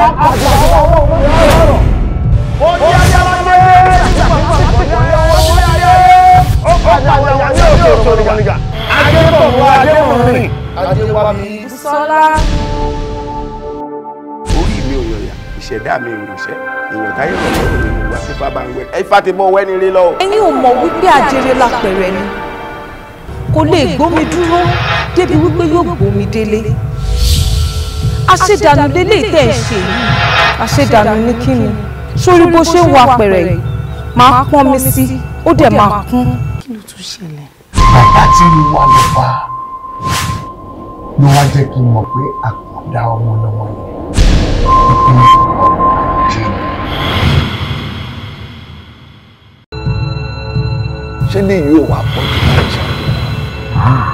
ìṣẹ̀dá mi ìrìnsẹ̀ èèyàn táyé lọ́wọ́ ìròyìn ìwà fífa bá ń wẹ̀ ẹ fà ti bọ́ wẹ́ni lé lọ́wọ́. ẹ̀yin ò mọ̀ wípé àjèrè lápẹ̀rẹ̀ ni kò lè gbómi dúró débi wípé yóò gbómi délé àṣedànù lélẹ̀ tẹ̀ ẹ̀ ṣe yìí àṣedànù ní kíni sórí bó ṣe ń wa pẹ̀rẹ̀ yìí máa pọ́n mi sí ó dẹ̀ máa kún. kí ló tún ṣẹlẹ̀. bàbá tí mo wà ló bá ló wá jẹ́ kí n mọ̀ pé àkàndá ọmọ lọ́wọ́ yẹn ìpínlẹ̀ ọ̀rọ̀ ajé ni. ṣé ní ìyó wa pọ̀ jù láì ṣàlùwà ah.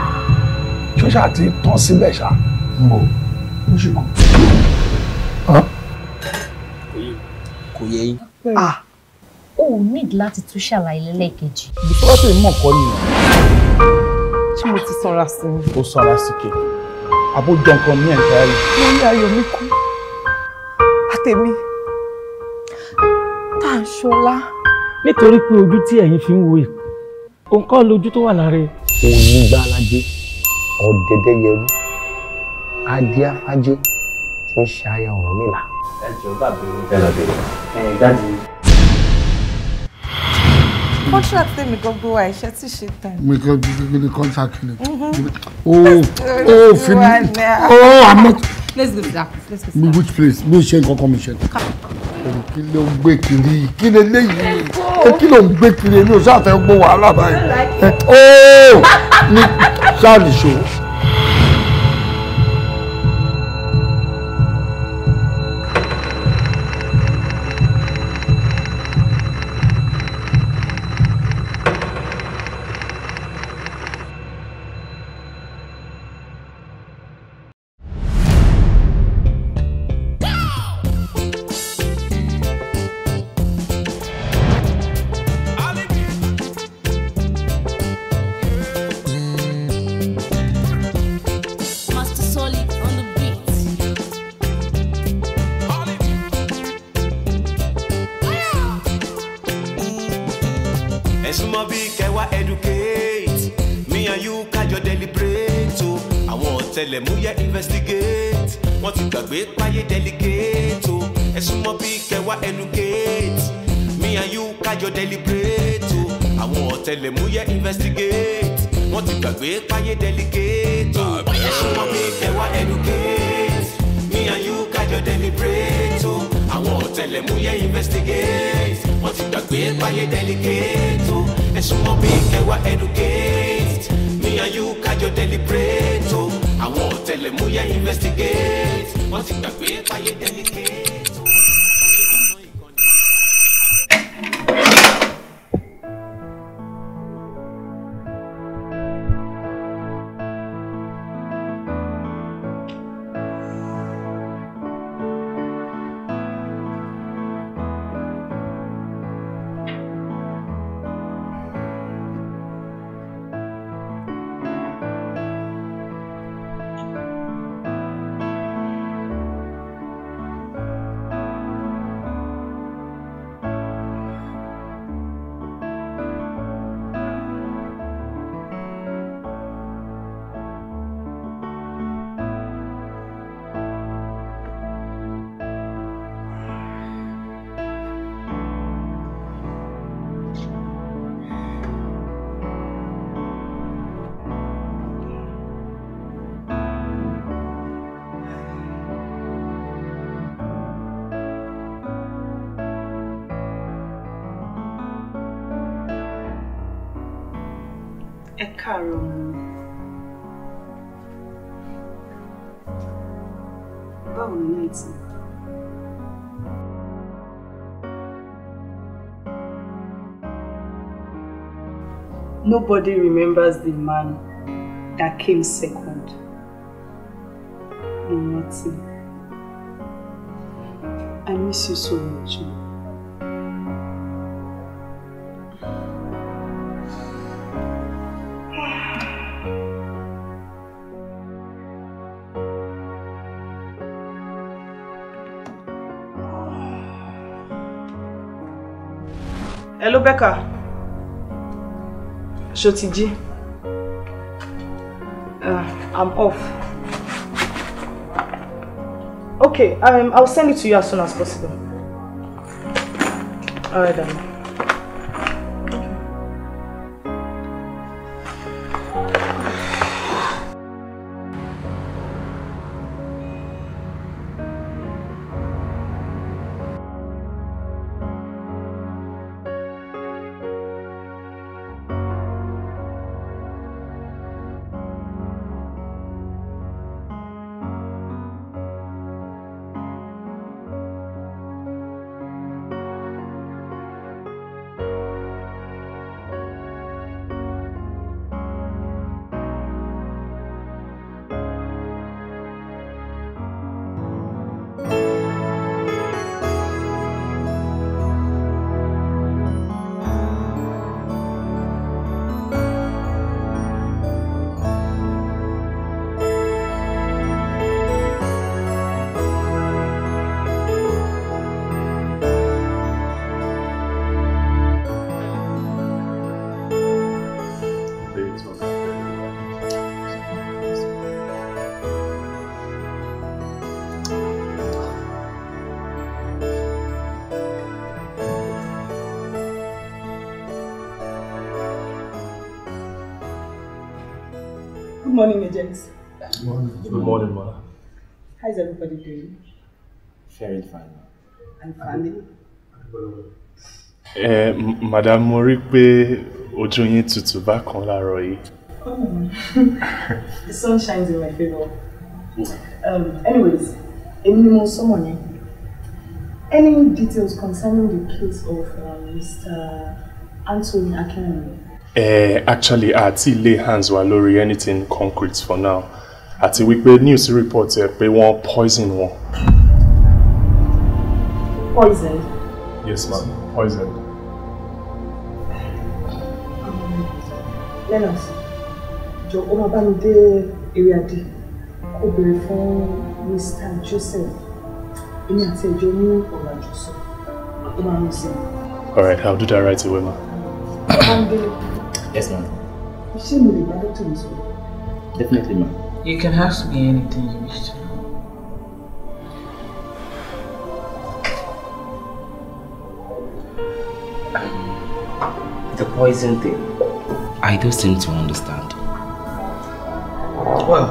ṣó ṣáà ti tán síbẹ̀ ṣá. mo. Mm lóṣù kan. Ah. kò yẹ yín. Ah. Ah. o ò need láti tún ṣàlàyé lẹ́lẹ́kejì. bísọ́ọ̀tì mọ̀ kọ́ ni o. ṣé mo ti sanra sí i. ó sanra síkè àbójọ nǹkan mi ẹ̀ ń kárí. mo ní ayọ̀ mi kú àtẹ̀mí tá à ń ṣọlá. nítorí pé ojú tí ẹ̀yin fi ń wo èkó òǹkọ́ lójú tó wà lára ẹ̀. òun ní gbálájé ọ̀dẹ̀dẹ̀ yẹrú adíáfájé tí ń ṣe aya Ọ̀rúnmìlà. ẹ jọ bàbá mi fẹ́ lọ bèrè ẹ dájú. contract tèmi gan gbé wa iṣẹ́ tí ṣe tán. mi kò gbé ní contract ni. Mm-hmm. Oh, oh, o o oh, fi mi o àmọ́. let's go to that place which place mi ṣe nǹkan kan mi ṣe. kí ló ń gbé kiri kí ló léyìí kí ló ń gbé kiri mi ò sáfẹ́ gbọ́ wàhálà báyìí. Eh, ooo ní sáà nìṣó. káàárọ̀ ọmọ mi. Báwo ni náà ti? Nobody remembers the man that came second. Mo rántí. I miss you so much. Man. Rebecca Shotiji uh, I'm off okay um, I'll send it to you as soon as possible all right then morning, agents. Good morning. Good morning, Mara. How's everybody doing? Very fine. And family? Eh, Madam, mo Ojo pé ojú yín tutù bákan láàárọ̀ The sun shines in my favor. Um, anyways, èmi ni mo sọ́mọ̀ Any details concerning the case of uh, Mr. Anthony Akinwumi? Eh, actually àti lay hands wa lórí anything concrete for now àti wípé news report ẹ pé wọ́n poison wọn. poison. yes ma'am poison. Lennox jọ ó máa bá mi dé eré adé kó béèrè fún Mr. Joseph èmi àti ẹjọ ní ọ̀rọ̀ àjọsọ ó máa ń sìn. all right I'll do that right away ma. Yes, ma'am. You see me regarding to Definitely, ma'am. You can ask me anything you wish to know. the poison thing. I don't seem to understand. Well,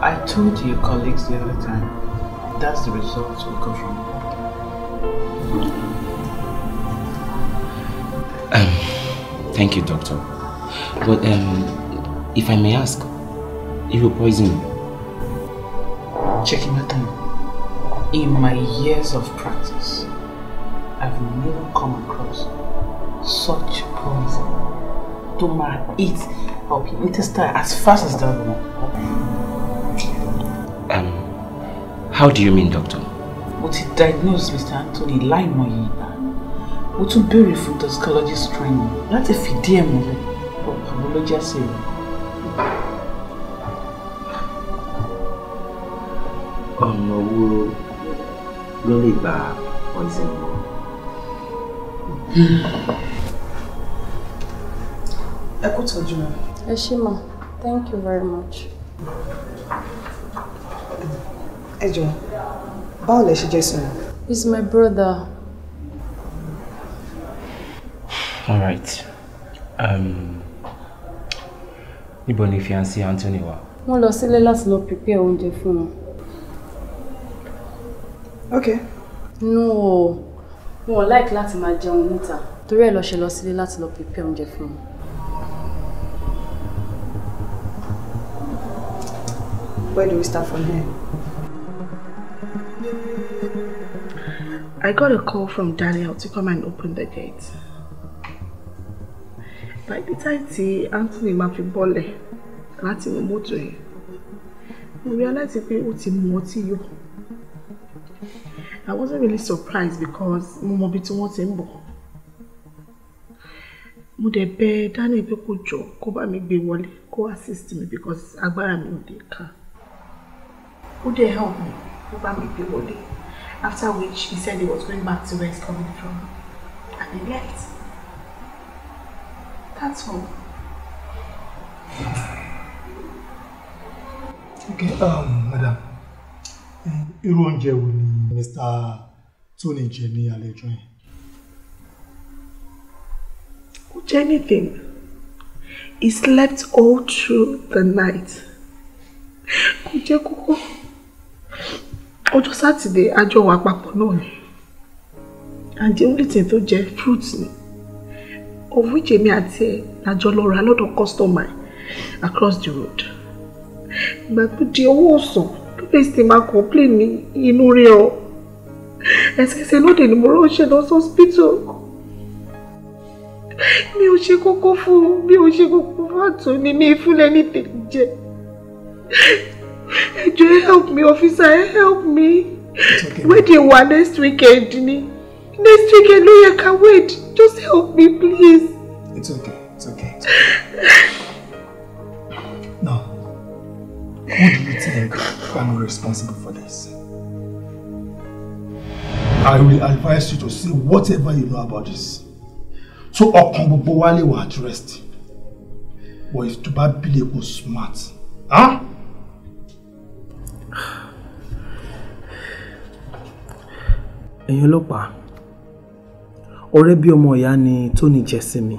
I told your colleagues the other time. That's the result we got from Um, thank you, doctor. But um, if I may ask, you poison poisoned. Checking my time. In my years of practice, I've never come across such poison Do my eat of your intestine as fast as that one. Um, how do you mean, doctor? What he diagnosed Mr. Anthony láìmọye what to bury from the toxicologist training that's a ẹ̀ múlẹ̀. ló jẹ́ sí i. ọ̀nà wo ló lè gba poison wọ. ẹ kú tọ́jú wọn. ẹ ṣé mà thank you very much. ẹ jọ̀ọ́ báwo lẹ ṣe jẹ́ sí he's my brother. all right. Um, níbo ni fiancé Anthony wà. wọ́n lọ sílé láti lọ prepare oúnjẹ fún wọn. ok. no wọn like láti máa jẹun níta torí ẹ̀ lọ ṣe lọ sílé láti lọ prepare oúnjẹ fún wọn. Where do we start from here? I got a call from Daniel to come and open the gate by the tí Anthony máa fi bọ́lẹ̀ láti inú mọ́tò yẹn mo realize pé ó ti mu ọtí yó I wasn't really surprised because mo mọ ibi tí wọ́n ti ń bọ̀ mo dẹ̀ bẹ Daniel pé kó jọ kó bá mi gbé wọlé kó assist me because agbára mi ò dé ká ó dẹ̀ help me kó bá mi gbé wọlé after which he said he was going back to where he's coming from and he left. That's Okay, um, madam. Eh, irú oúnjẹ wo ni Mr. Tony jẹ ní àlejò yẹn? Kò jẹ anything. He slept all through the night. Kò jẹ kókó. Ọjọ́ Sátidé a jọ wà papọ̀ náà ni. And the only thing tó jẹ fruits ni of which èmi àti ẹ̀ lájọ lọ ra lọ́dọ̀ customer across the road But the di owó ọ̀sán tó lè sì máa complain ní inú rí ọ ẹsẹ̀kẹsẹ̀ lóde ni mo ránṣẹ́ lọ sí hospital mi ò ṣe go fún mi ò ṣe kókó fún àtúnni mi fúnlẹ̀ ní tèjẹ́ ẹ help me officer help me okay, you want next weekend ni next weekend ló yẹ ká wait. Just help me, please. It's okay. It's okay. It's okay. no. Who do you think I'm responsible for this? I will advise you to say whatever you know about this. So ọkàn gbogbo wa lè wà at rest. But if tó bá bílẹ̀ smart. Huh? Ah? Ẹ̀yin ọlọ́pàá ọ̀rẹ́ bí ọmọ ìyá ni Tony jẹ́ sí mi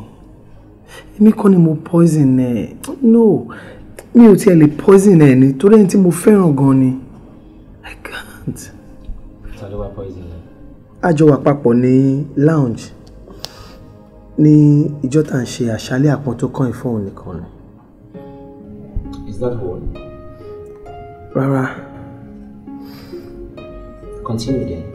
èmi kọ́ ni mo poison ẹ̀ no mi ò tiẹ̀ lè poison ẹ̀ ni torí ẹni tí mo fẹ́ràn gan ni I can't. ta ló wá poison ẹ. a jọ wà papọ̀ ní lounge ní ìjọ tá à ń ṣe àṣálẹ́ àpọ́n tó kàn ìfọ̀hún nìkan ni. is that all. rárá. continue then.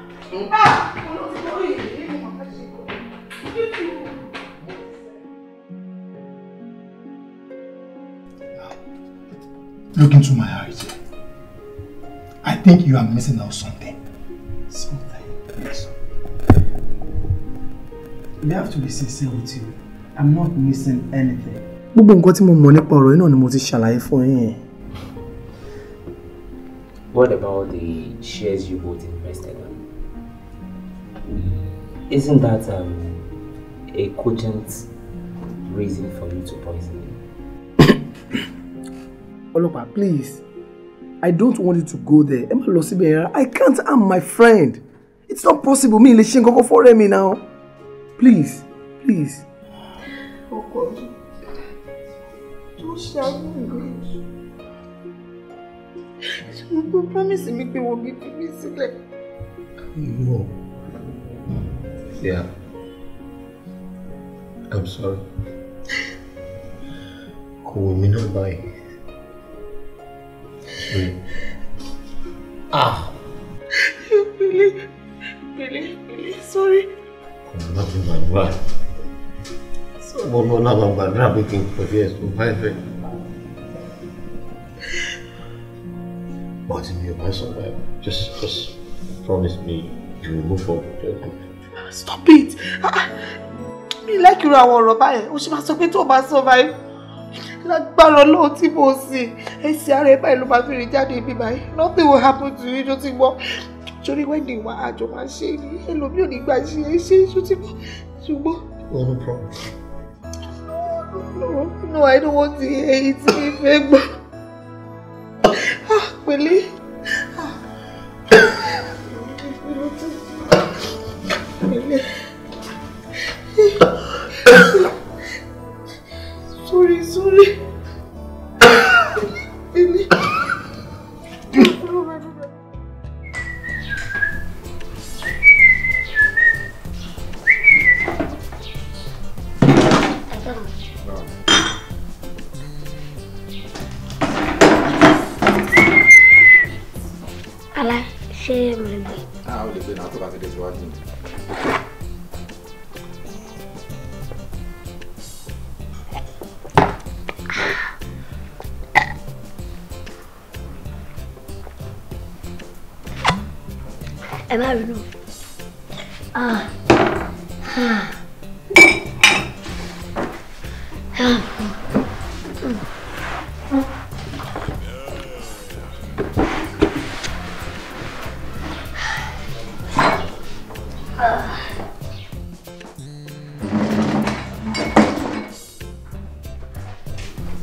Look into my eyes I think you are missing out something. Something. Yes. We have to be sincere with you. I'm not missing anything. Gbogbo nǹkan tí mo mọ̀ nípa ọ̀rọ̀ yìí náà ni mo ti ṣàlàyé fún yín. What about the shares you bought in Isn't that um, a cogent reason for you to poison him? Olopa, please. I don't want you to go there. I can't harm my friend. It's not possible. Me lè ṣe go for mi now. Please, please. Ọkọ, tó ṣàánú mi. Ṣé promise mi pé wọ́n gbé fi mi sílẹ̀? Irú Yeah. I'm sorry. Call me not buy? Ah. Really, really, really sorry. Nothing but what? So, no, no, no, but rabbit for years, my friend. Martin, you're my survivor. Just, just promise me you will move forward. stop it ah, ah. mi like irú àwọn ọ̀rọ̀ báyẹn o ṣe máa sọ pé tó o bá survive lágbára lọ́wọ́ tí mo sì ẹsẹ̀ ara ẹ̀ báyìí ló fi rìn jáde ibi báyìí nothing will happen to you ló ti gbọ́ torí wẹ́ẹ̀dì wa àjọ máa ṣe é ní ẹlòmíì ò ní gbà ṣe é ti gbọ́ ṣùgbọ́n. no problem. no no i don't want to hate me, mi fẹ́ gbọ́ ah, pẹ̀lẹ́. 明明。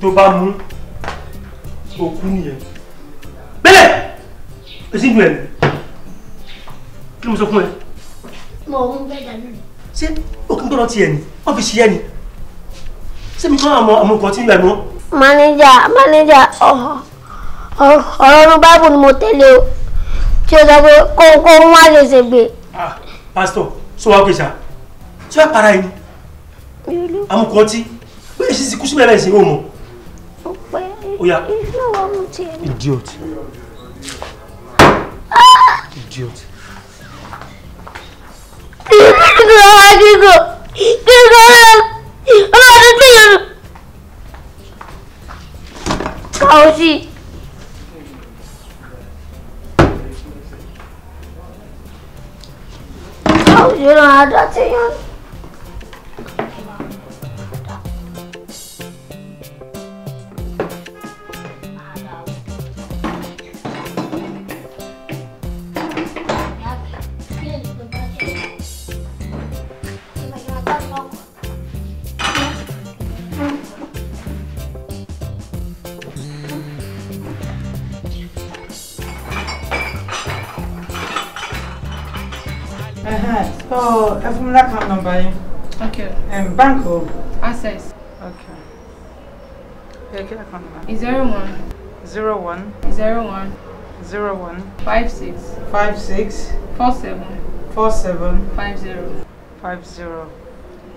tó bá mú òkú nìyẹn bẹ́lẹ̀ èsì ìlú ẹ̀ kí ló sọ fún ẹ. mo ń bẹ́ dànù. ṣé òkú tọ́lọ́ tiẹ̀ ni wọ́n fi ṣiyẹ́ ni ṣé mi kọ́ àwọn ọmọkùnrin tí ń gbà mọ́. mánéjà mánéjà ọ̀rọ̀ ọ̀rọ̀ báàbù ni mo tẹ̀lé o tí o sọ pé kó kó ń wá lè ṣègbè. pásítọ̀ sọ wá pèsè à ṣé wàá para ẹni amukọtí bóyá ìṣesí kú síbẹ̀ láì ṣe é wò mọ́ ó yá. ìfúnná wa mú tiẹ̀ náà. idiot. idiot. ìfúnná wa kíkọ kíkọ rẹ ọlọ́run tí yẹn. kàwé sí i. you know how to fún lákàn nọmba yín. okay. Um, bank o. access. okay. ẹ kí number. Is zero one. zero one. zero one. zero one. five six. five six. four seven. four seven. five zero. five zero.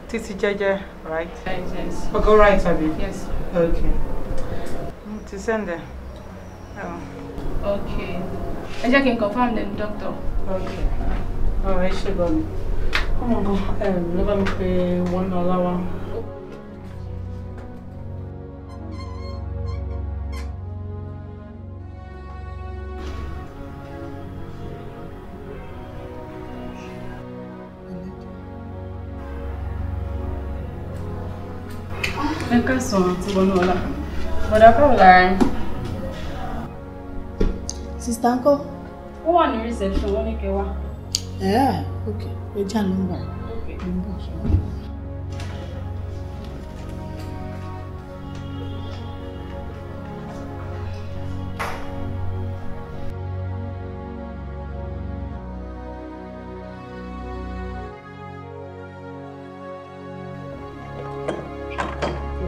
títí jẹ́jẹ́ right. yes. yes. o go right abi. yes. okay. To ti send ẹ. okay. ẹ jẹ́ kí confirm them, doctor. okay. Oh, I should go ọmọ eh, nǹkan ẹ ló bá mi pe wọn náà láwa. ẹ káàsán tí wọn náà là bọ̀dà báwo lára yín. sista ńkọ́. ó wà ní reception wọn ní kẹwàá. Okay. ok ẹja ló ń bà ló ń bà ṣe.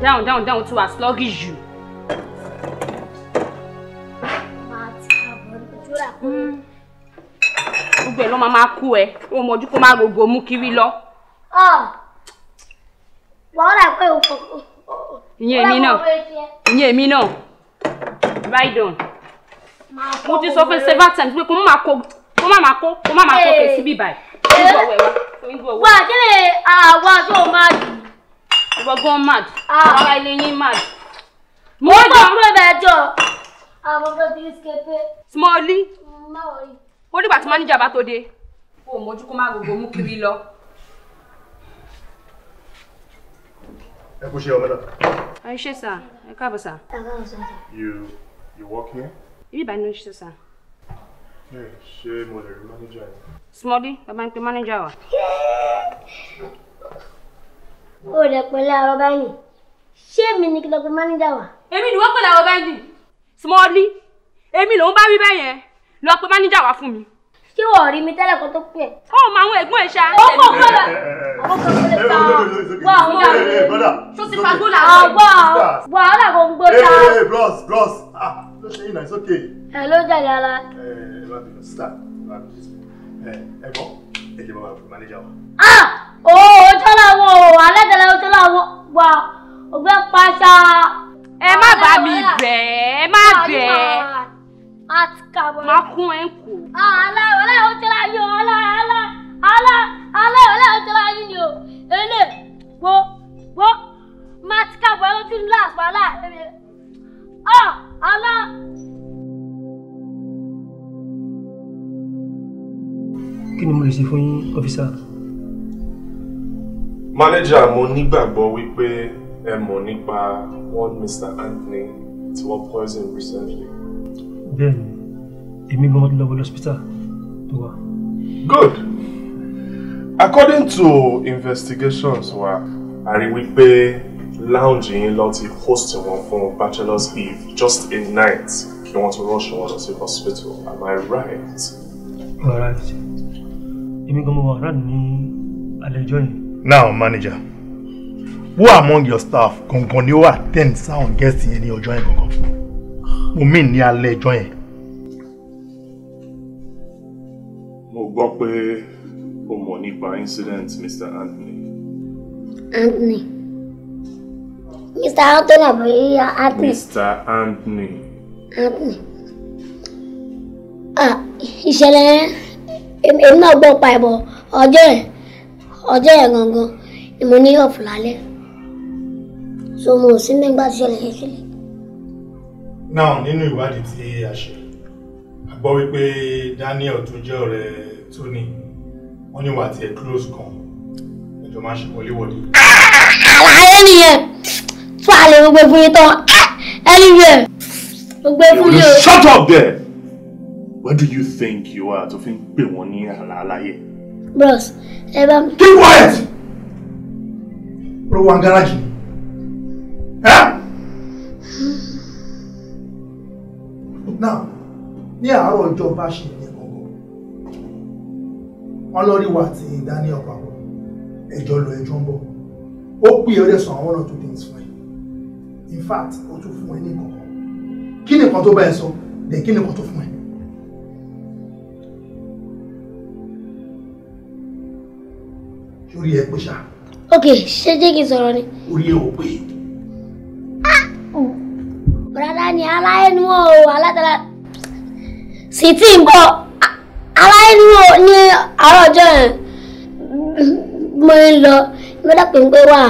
down down down to as sluggish you. máa kú ẹ ó mọ̀jú kó máa gbogbo mú kiri lọ. wàhálà pé o kò. ìyẹn èmi náà ìyẹn èmi náà ride mo ti sọ pé several times pé kó má kó kó má máa kó kó má máa kó kè síbí báyìí. wà á kí ni àwa tó máa ìwọ gan mad àwa ah. ilé yín mad. mo gbọ́ pé bẹ́ẹ̀ àwọn ọmọdé ti ń ṣe pé. small. Mm, tí máníjà bá tó dé kó o mójú kó má gbogbo mú kiri lọ. ẹ kú ṣe ọmọ náà. ẹ ṣe sà you you work here. ibi ìbànú ṣe sà. ṣé mo lè rí mánéjà yẹn. smọdí bàbá ń pe mánéjà wa. ó lè pẹ̀lú àwọn báyìí ṣé èmi ni kí lọ pe mánéjà wa. èmi ni wọ́n pẹ̀lú àwọn báyìí smọdí èmi lòún bá wí bẹ́ẹ̀ yẹn lọ pe mánéjà wa fún mi ṣé wọ́n rí mi tẹ́lẹ̀ kó tó pè. ó mọ àwọn ẹ̀gbọ́n ẹ̀ ṣá. ó kò gbọ́dọ̀ ó kò gbọ́dọ̀ ta ọ wá àwọn ọ̀gá mi tó ti fagbó là ń gbọ́ wàhálà kò ń gbó ta. bros bros ah ló ṣe yín náà it's okay. ẹ ló jẹ̀lẹ̀ ara. ẹ ẹ má bínú sísá má bínú sísá ẹ ẹ gbọ́ ẹ jẹ́ bàbá fún mánéjà wa. ah ooo ojú làwọn o alẹ́dẹ̀lẹ̀ ojú làwọn wà ògbẹ́ pàṣà. ẹ má bá mi bẹ̀ ẹ má bẹ̀ àti kàbọ̀. máa kún ẹ̀ ń kó. àlá ọ̀lẹ́ ò tẹ́lá yìí o ọlá ọlá ọlá ọlá ọlẹ́ ò tẹ́lá yìí ni o ele wo wo máa ti kàbọ̀ ẹ̀ ló ti ń ah, mo nígbàgbọ́ wípé ẹ mọ̀ nípa one Mr. Anthony tí wọ́n poison recently. Then, ni èmi gan ti lọ hospital tó wà. good according to investigations wa a rí wípé lounge yín lọ ti host wọn fún bachelor's eve just a night you want to rush one to the hospital am i right. alright èmi gan mo wà rán ní àlejò yìí. now manager who among your staff gangan ni ó attend sáwọn guest yẹn ní ọjọ́ yẹn gangan mo mí ní alẹ́ ẹjọ́ yẹn. mo gbọ́ pé o mọ̀ nípa incident Mr. Anthony. Anthony. Mr. Anthony àbí Anthony. Mr. Anthony. Anthony. ah ìṣẹ̀lẹ̀ èmi náà gbọ́ pa ẹ̀bọ̀ ọjọ́ yẹn ọjọ́ yẹn gangan ni mo ní ọ̀fù lálẹ́ so mo ò sí nígbà tí ìṣẹ̀lẹ̀ yẹn ṣẹlẹ̀ now nínú ìwádìí tí a ṣe a gbọ́ wípé Daniel tó jẹ́ ọ̀rẹ́ Tony wọ́n ní wà tiẹ̀ close kan ẹjọ́ máa ṣe wọléwọ̀de. àwọn àwọn nìyẹn tó a lè gbogbo fún yín tán ah, anywhere gbogbo fún yín o. shut up there where do you think you are tó fi ń pè wọ́n ní àlàyé. bros ẹ bá mi. keep quiet. ló wà ń now ní àárọ̀ ọjọ́ bá ṣe ní gbogbo wọn lọ rí wa àti Daniel papọ̀ ẹjọ́ lọ ẹjọ́ ń bọ̀ ó pè ọ́ dẹ̀sán àwọn ọ̀nà tó dé fún ẹ in fact ó tún fún ẹ ní kankan kí nìkan tó bá ẹ sọ dẹ̀ kí nìkan tó fún ẹ. sórí ẹ pé ṣá. ok ṣé jẹ́ kí n sọ̀rọ̀ ni. orí ẹ ò pé. ah rárá ni aláyẹnu o alátara sì tí ń bọ̀ aláyẹnu o ní àárọ̀ ọjọ́ yẹn mo ń lọ lọ́dọ̀ pé ń pé wà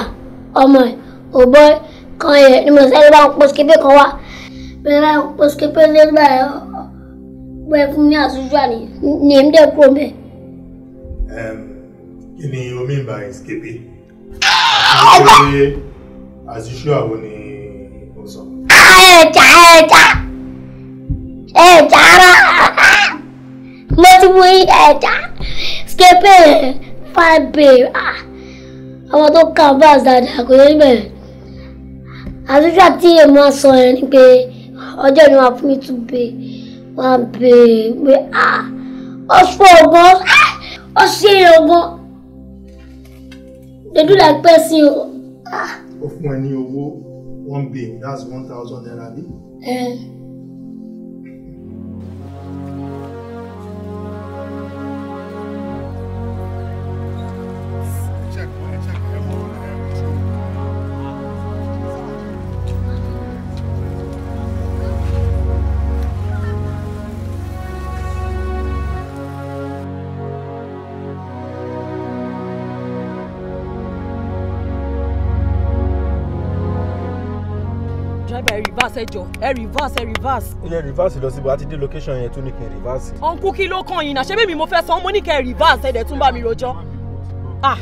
ọmọ ẹ̀ ò kan yẹn e, ni mo sẹ́ni bá ń pọ̀ síképé kan wá bẹ́ẹ̀ bá ń pọ̀ síképé lẹ́gbàá ẹ̀ bọ́ ẹ fún mi ní àtúnṣe ni èmi dẹ̀ kúrò mẹ́. kí ni omi ìbà ìsìképé? àti pé àtúnṣe àwọn ni mo sọ ẹja ẹja ẹja rà mo ti mú ẹja skepe five bay àwọn tó kà báàs dáadáa kò yẹ níbẹ̀ àtúntà tí èmi á sọ yẹn ni pé ọjọ́ ni wàá fún mi two bay one bay pé ó fún ọgbọ́n ó ṣe ọgbọ́n they do like person o. ó fún ẹ ní owó. one bill, that's 1,000 naira. Eh, reverse ẹ ẹ reverse ẹ reverse. ilé reverse lọ síbi àti dé location yẹn tún ní kí n reverse. ọ̀nkú kí ló kàn yín náà ṣé bèbí mo fẹ́ san mo ní kẹ́ ẹ reverse ẹ̀dẹ̀ tún bá mi rojọ́. Ah.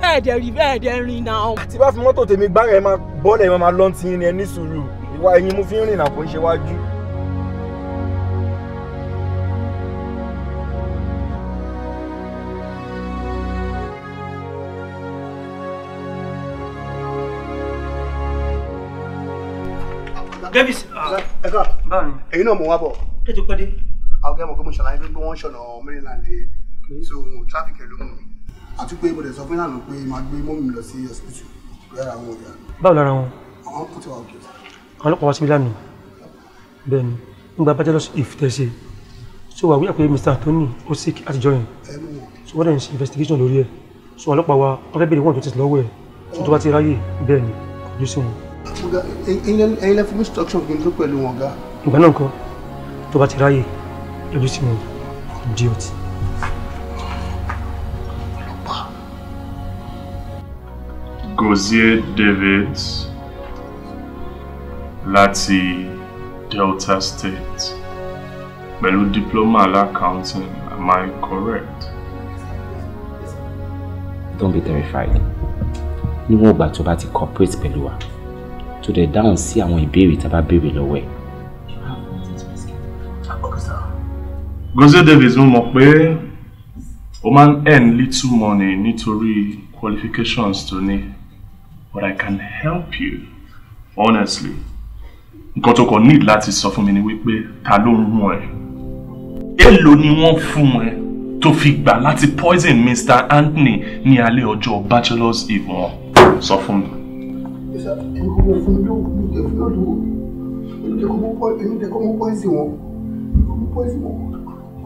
ẹ̀ẹ́dẹ̀ rí ẹ̀ẹ́dẹ̀ rìn náà. àti bá fi mọ́tò tèmi gbára ẹ máa bọ́ọ̀lù ẹ máa lọ́ntì yín ni ẹ ní sùúrù ìwà ẹ̀yìn mo fi ń rìn náà kò ń ṣe wájú. davis. ẹ ah. ká èyí náà mo wá bọ̀. ẹ jọ pẹ́ dé. àwọn ọmọ gómìnà ṣàlàyé pé wọ́n ṣọ̀nà maryland yẹn so traffic ẹ̀ ló mú mi. àti pé ibodè sọ fún ìlànà pé màá gbé mọ́mì mi lọ sí hospital lọ́ra àwọn ọ̀gá. báwo lára wọn. àwọn kò tí wàá òkè. àwọn ọlọ́pàá wá síbi lánàá bẹ́ẹ̀ ni nígbà bá jẹ́ lọ́sọ ìfitẹ́sẹ̀ so wà wíyà pé mr anthony ó sick àti join so wọ́n dẹ̀ ń ṣe investigation lórí ẹ̀ so ọlọ́pàá wa ọ̀rẹ́bìnrin wọn tó ti lọ́wọ́ ẹ̀ tó tó bá ti ráyè bẹ́ẹ̀ ni kò ní sí wọn ọ̀gá ẹ̀yin lẹ́fún instruction kí n tó pẹ̀lú wọn ọ̀gá. ìgbà náà kọ tó bá ti ráyè lójú sí mi di ọtí. Gozie David láti Delta State pẹ̀lú diploma alákàntìn am I correct? Don't be terrified. Níwọ̀n ìgbà tó bá ti cooperate pẹ̀lú wa tó dẹ̀ dáhùn sí àwọn ìbéèrè tá a bá béèrè lọ́wọ́ ẹ̀. Gozie Davis mo mọ̀ pé o máa ń earn little money nítorí qualifications tó ní but I can help you honestly nǹkan tó kàn need láti sọ fún mi ni wípé ta ló ń rún ẹ èèlò ni wọ́n fún ẹ tó fi gbà láti poison Mr. Anthony ní alẹ́ ọjọ́ bachelor's eve wọn sọ fún mi ẹnìkan mọ fún mi lóògùn mi tẹ fún lọ́dún o èmi tẹ kọ́ mọ pọ́ìsì wọn èmi kọ́ mọ pọ́ìsì wọn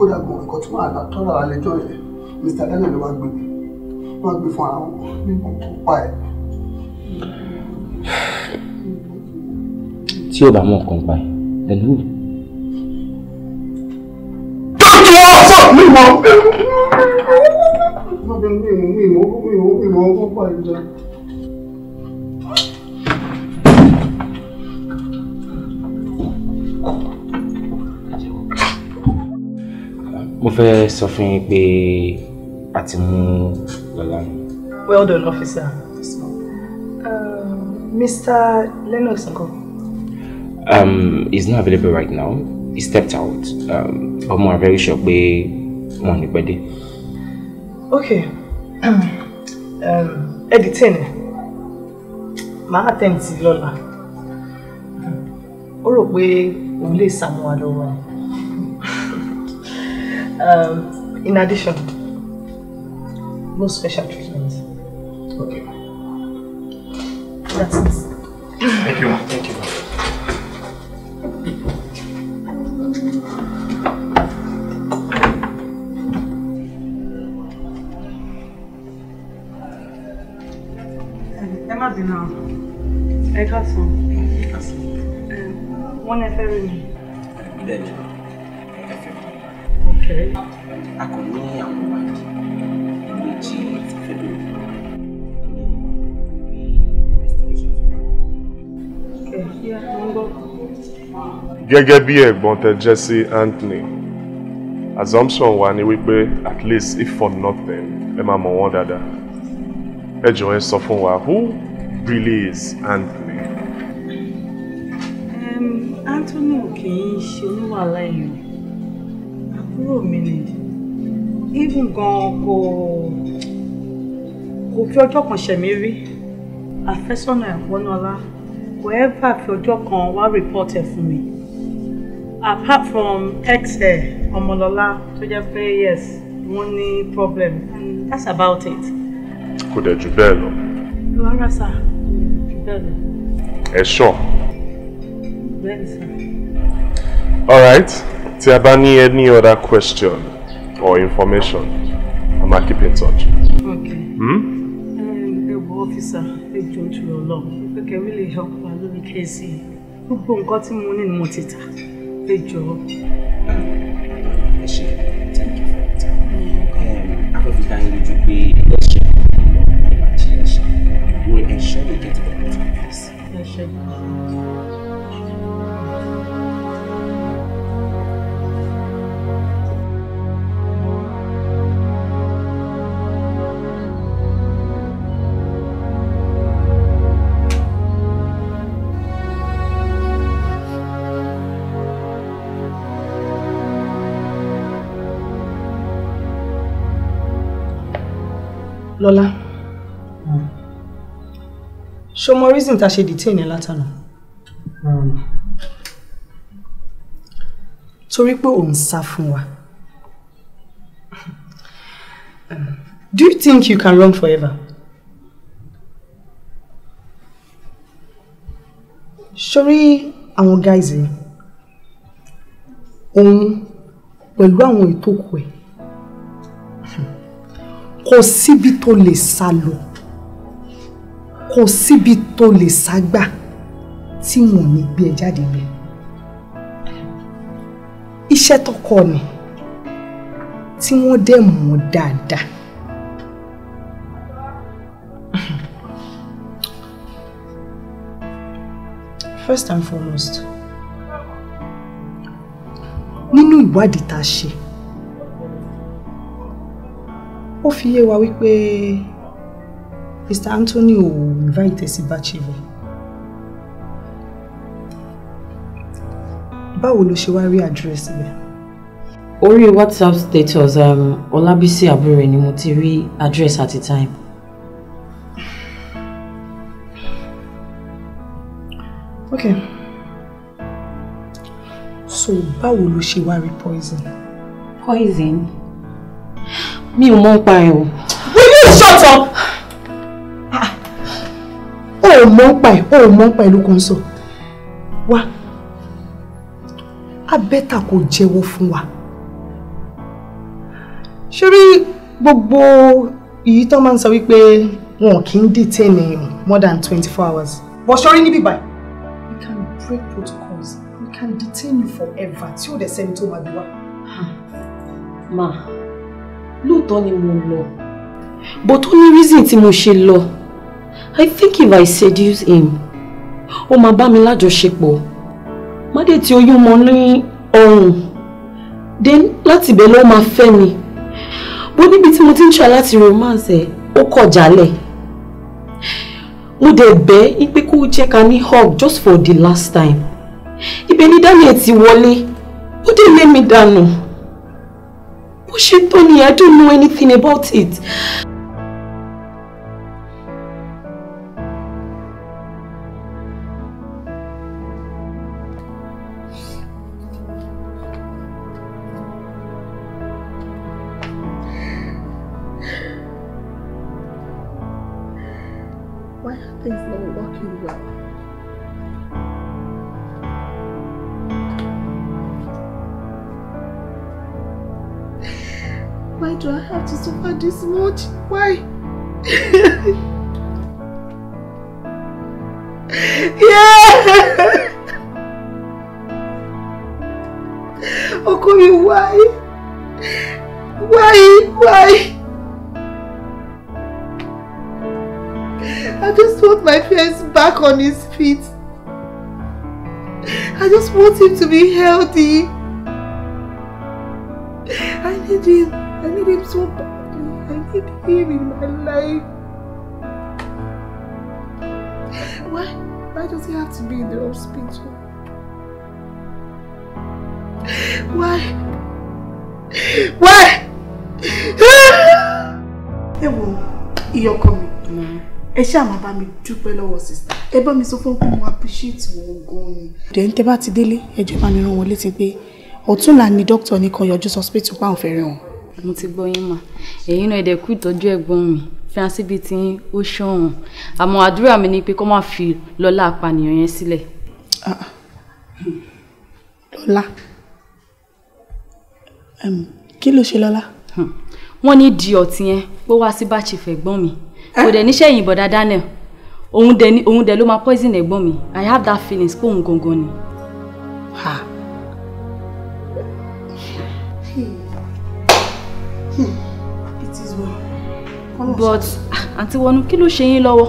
ó dàgbọ́n nǹkan tí wọ́n tọ́ra alẹ́jọ́ yẹn Daniel ló wá gbé mi wọ́n gbé fún ara wọn ní mo o bá mọ nǹkan pa ẹ then who. tọ́jú wọn fún mi mọ́. mi mọ́ mi mọ́ mi mọ́ mi mọ́ mi mọ́ mi mo fẹ́ sọ fún yín pé a ti mú lọ́la well done officer. Uh, um, Mr. Lennox ńkọ́. Um, he's not available right now. He stepped out. Um, but I'm very sure pé wọ́n ní pẹ́ dé. Okay. um, editing. Màá attend sí lọ́la. Ó rò pé only lè sá oh, um, in addition no special treatment. Okay. That's it. Thank you. Thank you. gẹ́gẹ́ bí ẹ̀gbọ́n tẹ jẹ́ sí Anthony assumption wa ni wípé at least if for nothing ẹ máa mọ̀ wọ́n dáadáa ẹ jọ̀ọ́ ẹ sọ fún wa who really is Anthony. Um, Anthony ò kì í ṣe oníwàhálà èèyàn àbúrò mi ni even gan kò kò fi ọjọ́ kan ṣẹ̀mí rí àfẹ́sọ́nà ẹ̀kọ́ náà lá kò ẹ́ bá fi ọjọ́ kan wá rìpọ́tẹ̀ fún mi apart from ex ẹ Ọmọlọ́lá tó jẹ́ yes wọ́n ní problem and that's about it. kò dẹ̀ jù bẹ́ẹ̀ lọ. rárá sá jù bẹ́ẹ̀ lọ. ẹ ṣọ. bẹ́ẹ̀ sá. all right tí a bá ní any other question or information i ma keep in touch. okay. Hmm? ọ́fíìsà ẹjọ́ tó lọ lọ pé kẹ́mi lè help wa lórí kéèsì gbogbo nǹkan tí mo ní ni mo ti tà ẹ jọ̀ọ́. ẹ ṣe thank you for your time. akọ́fi dá yín lójú pé ẹ ṣe ẹ máa will ensure you get the best. ẹ ṣe. Lola, hmm. show mọ reason ta ṣe detain ẹ látànà? Hmm. Torí pé òun on fún Do you think you can run forever? Ṣorí àwọn guys Um, òun pẹ̀lú àwọn ìtókù way kò síbi tó lè sá lọ kò síbi tó lè sá gbà tí wọn ò ní gbé ẹ jáde bẹ iṣẹ́ tọkọ ni tí wọ́n dẹ̀ mọ̀ dáadáa. First and foremost nínú ìwádìí tá a ṣe ó fi yé wa wípé Mr. Anthony ò invite sí bachelor báwo ló ṣe wá rí àdírẹ́sì rẹ̀. orí WhatsApp status um, Ọlábísí àbúrò ni mo ti rí àdírẹ́sì àti time. okay so báwo ló ṣe wá rí poison. poison mi ò mọ̀ pa ẹ̀ o. will you shut up. o ò mọ̀ ń pa ẹ̀ o ò mọ̀ ń pa ẹ̀ ló kàn sọ wá abẹ́ta kò jẹ́wọ́ fún wa ṣé rí gbogbo èyí tó máa ń sọ wípé wọn kì í detain èèyàn more than twenty four hours bọ̀ sọ́rí níbí báyìí we can break protocols we can detain you forever tí ò dẹ̀ sẹ́ni tó máa gbé wá. ma lóòótọ́ ni mo lọ but ó ní reason tí mo ṣe lọ i think if i seduce him ó máa bá mi lájọṣepọ̀ má dé tí oyún mọ ní ọrùn then láti ibẹ̀ ló máa fẹ́ mi bó níbi tí mo ti ń ṣe láti romance ẹ̀ ó kọ̀ jálẹ̀ mo dẹ̀ bẹ́ pé kó jẹ́ ká ní hug just for the last time ibẹ̀ ni daniel ti wọlé ó dé lé mi dànù. No. Ó ṣe tó I don't know anything about it. not. Why? yeah! Okomi, why? Why? Why? I just want my friends back on his feet. I just want him to be healthy. been in my life? Why, why does he have to be in the hospital? Why? Why? Ẹ wo iye ọkọ mi. Ẹ ṣáà máa bá mi dúpẹ́ lọ́wọ́ sister. Ẹ bá mi sọ fún pé mo appreciate wọn gan ni. Dẹ̀yìn tẹ́ bá ti délé, ẹ jẹ́ bá mi rán wọn létí pé ọ̀túnla ni doctor ni kan yọjú sọ́spítù páwọn fẹ́rẹ̀ wọn mo ti gbọ́ yín mà ẹ̀yin náà ẹ̀dẹ̀ kú ìtọ́jú ẹ̀gbọ́n mi fíansí bíi ti ó ṣọ̀hún àmọ́ àdúrà mi ni pé kó má fi lọ́lá apànìyàn yẹn sílẹ̀. Ah, ah. lọ́lá kí ló ṣe lọ́lá. Hmm. wọ́n ní di ọ̀tí yẹn pé wá sí bá ṣèfẹ̀ ẹ̀gbọ́n mi kò eh? dẹ̀ níṣẹ́ yìnbọn dáadáa náà òun dẹ̀ ló máa poison ẹ̀gbọ́n mi i have that feeling pé òun gangan ni. Ha. Hmm. it is well. but àǹtí wọnú kí ló ṣe yín lọ́wọ́.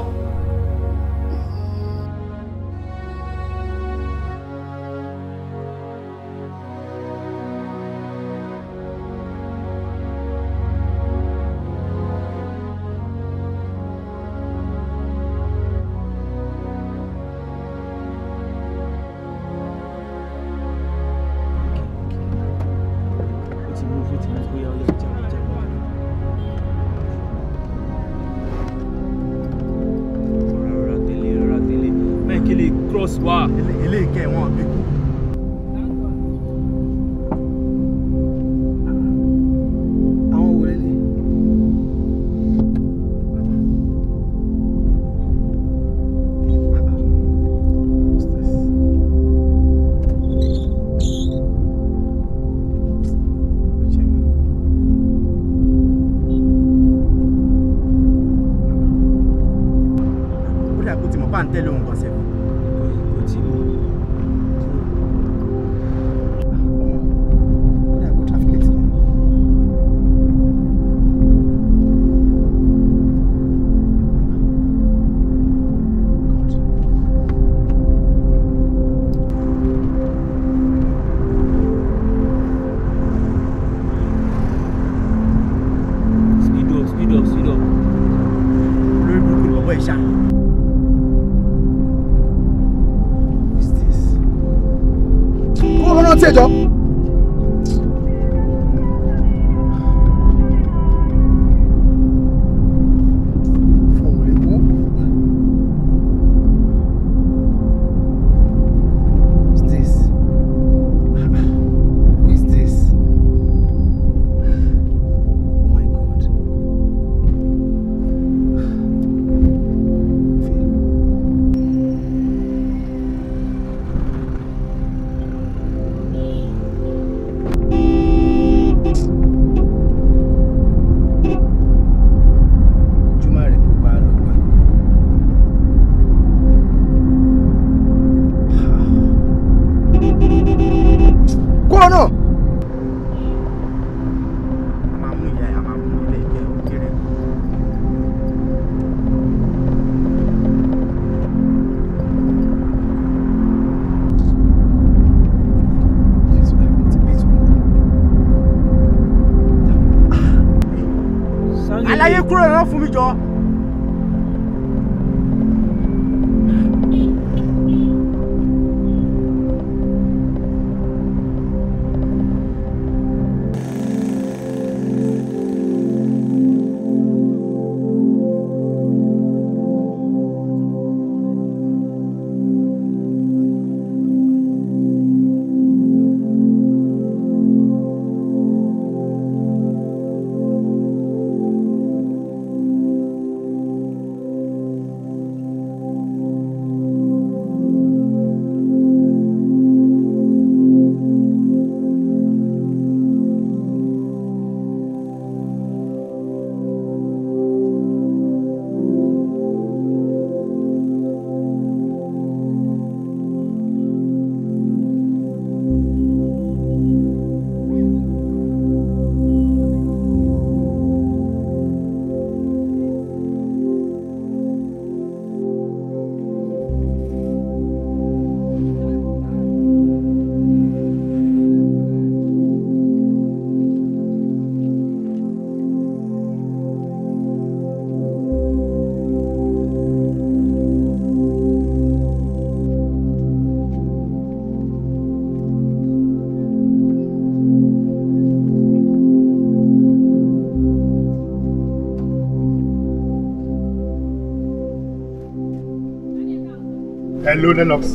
Hello, Lennox.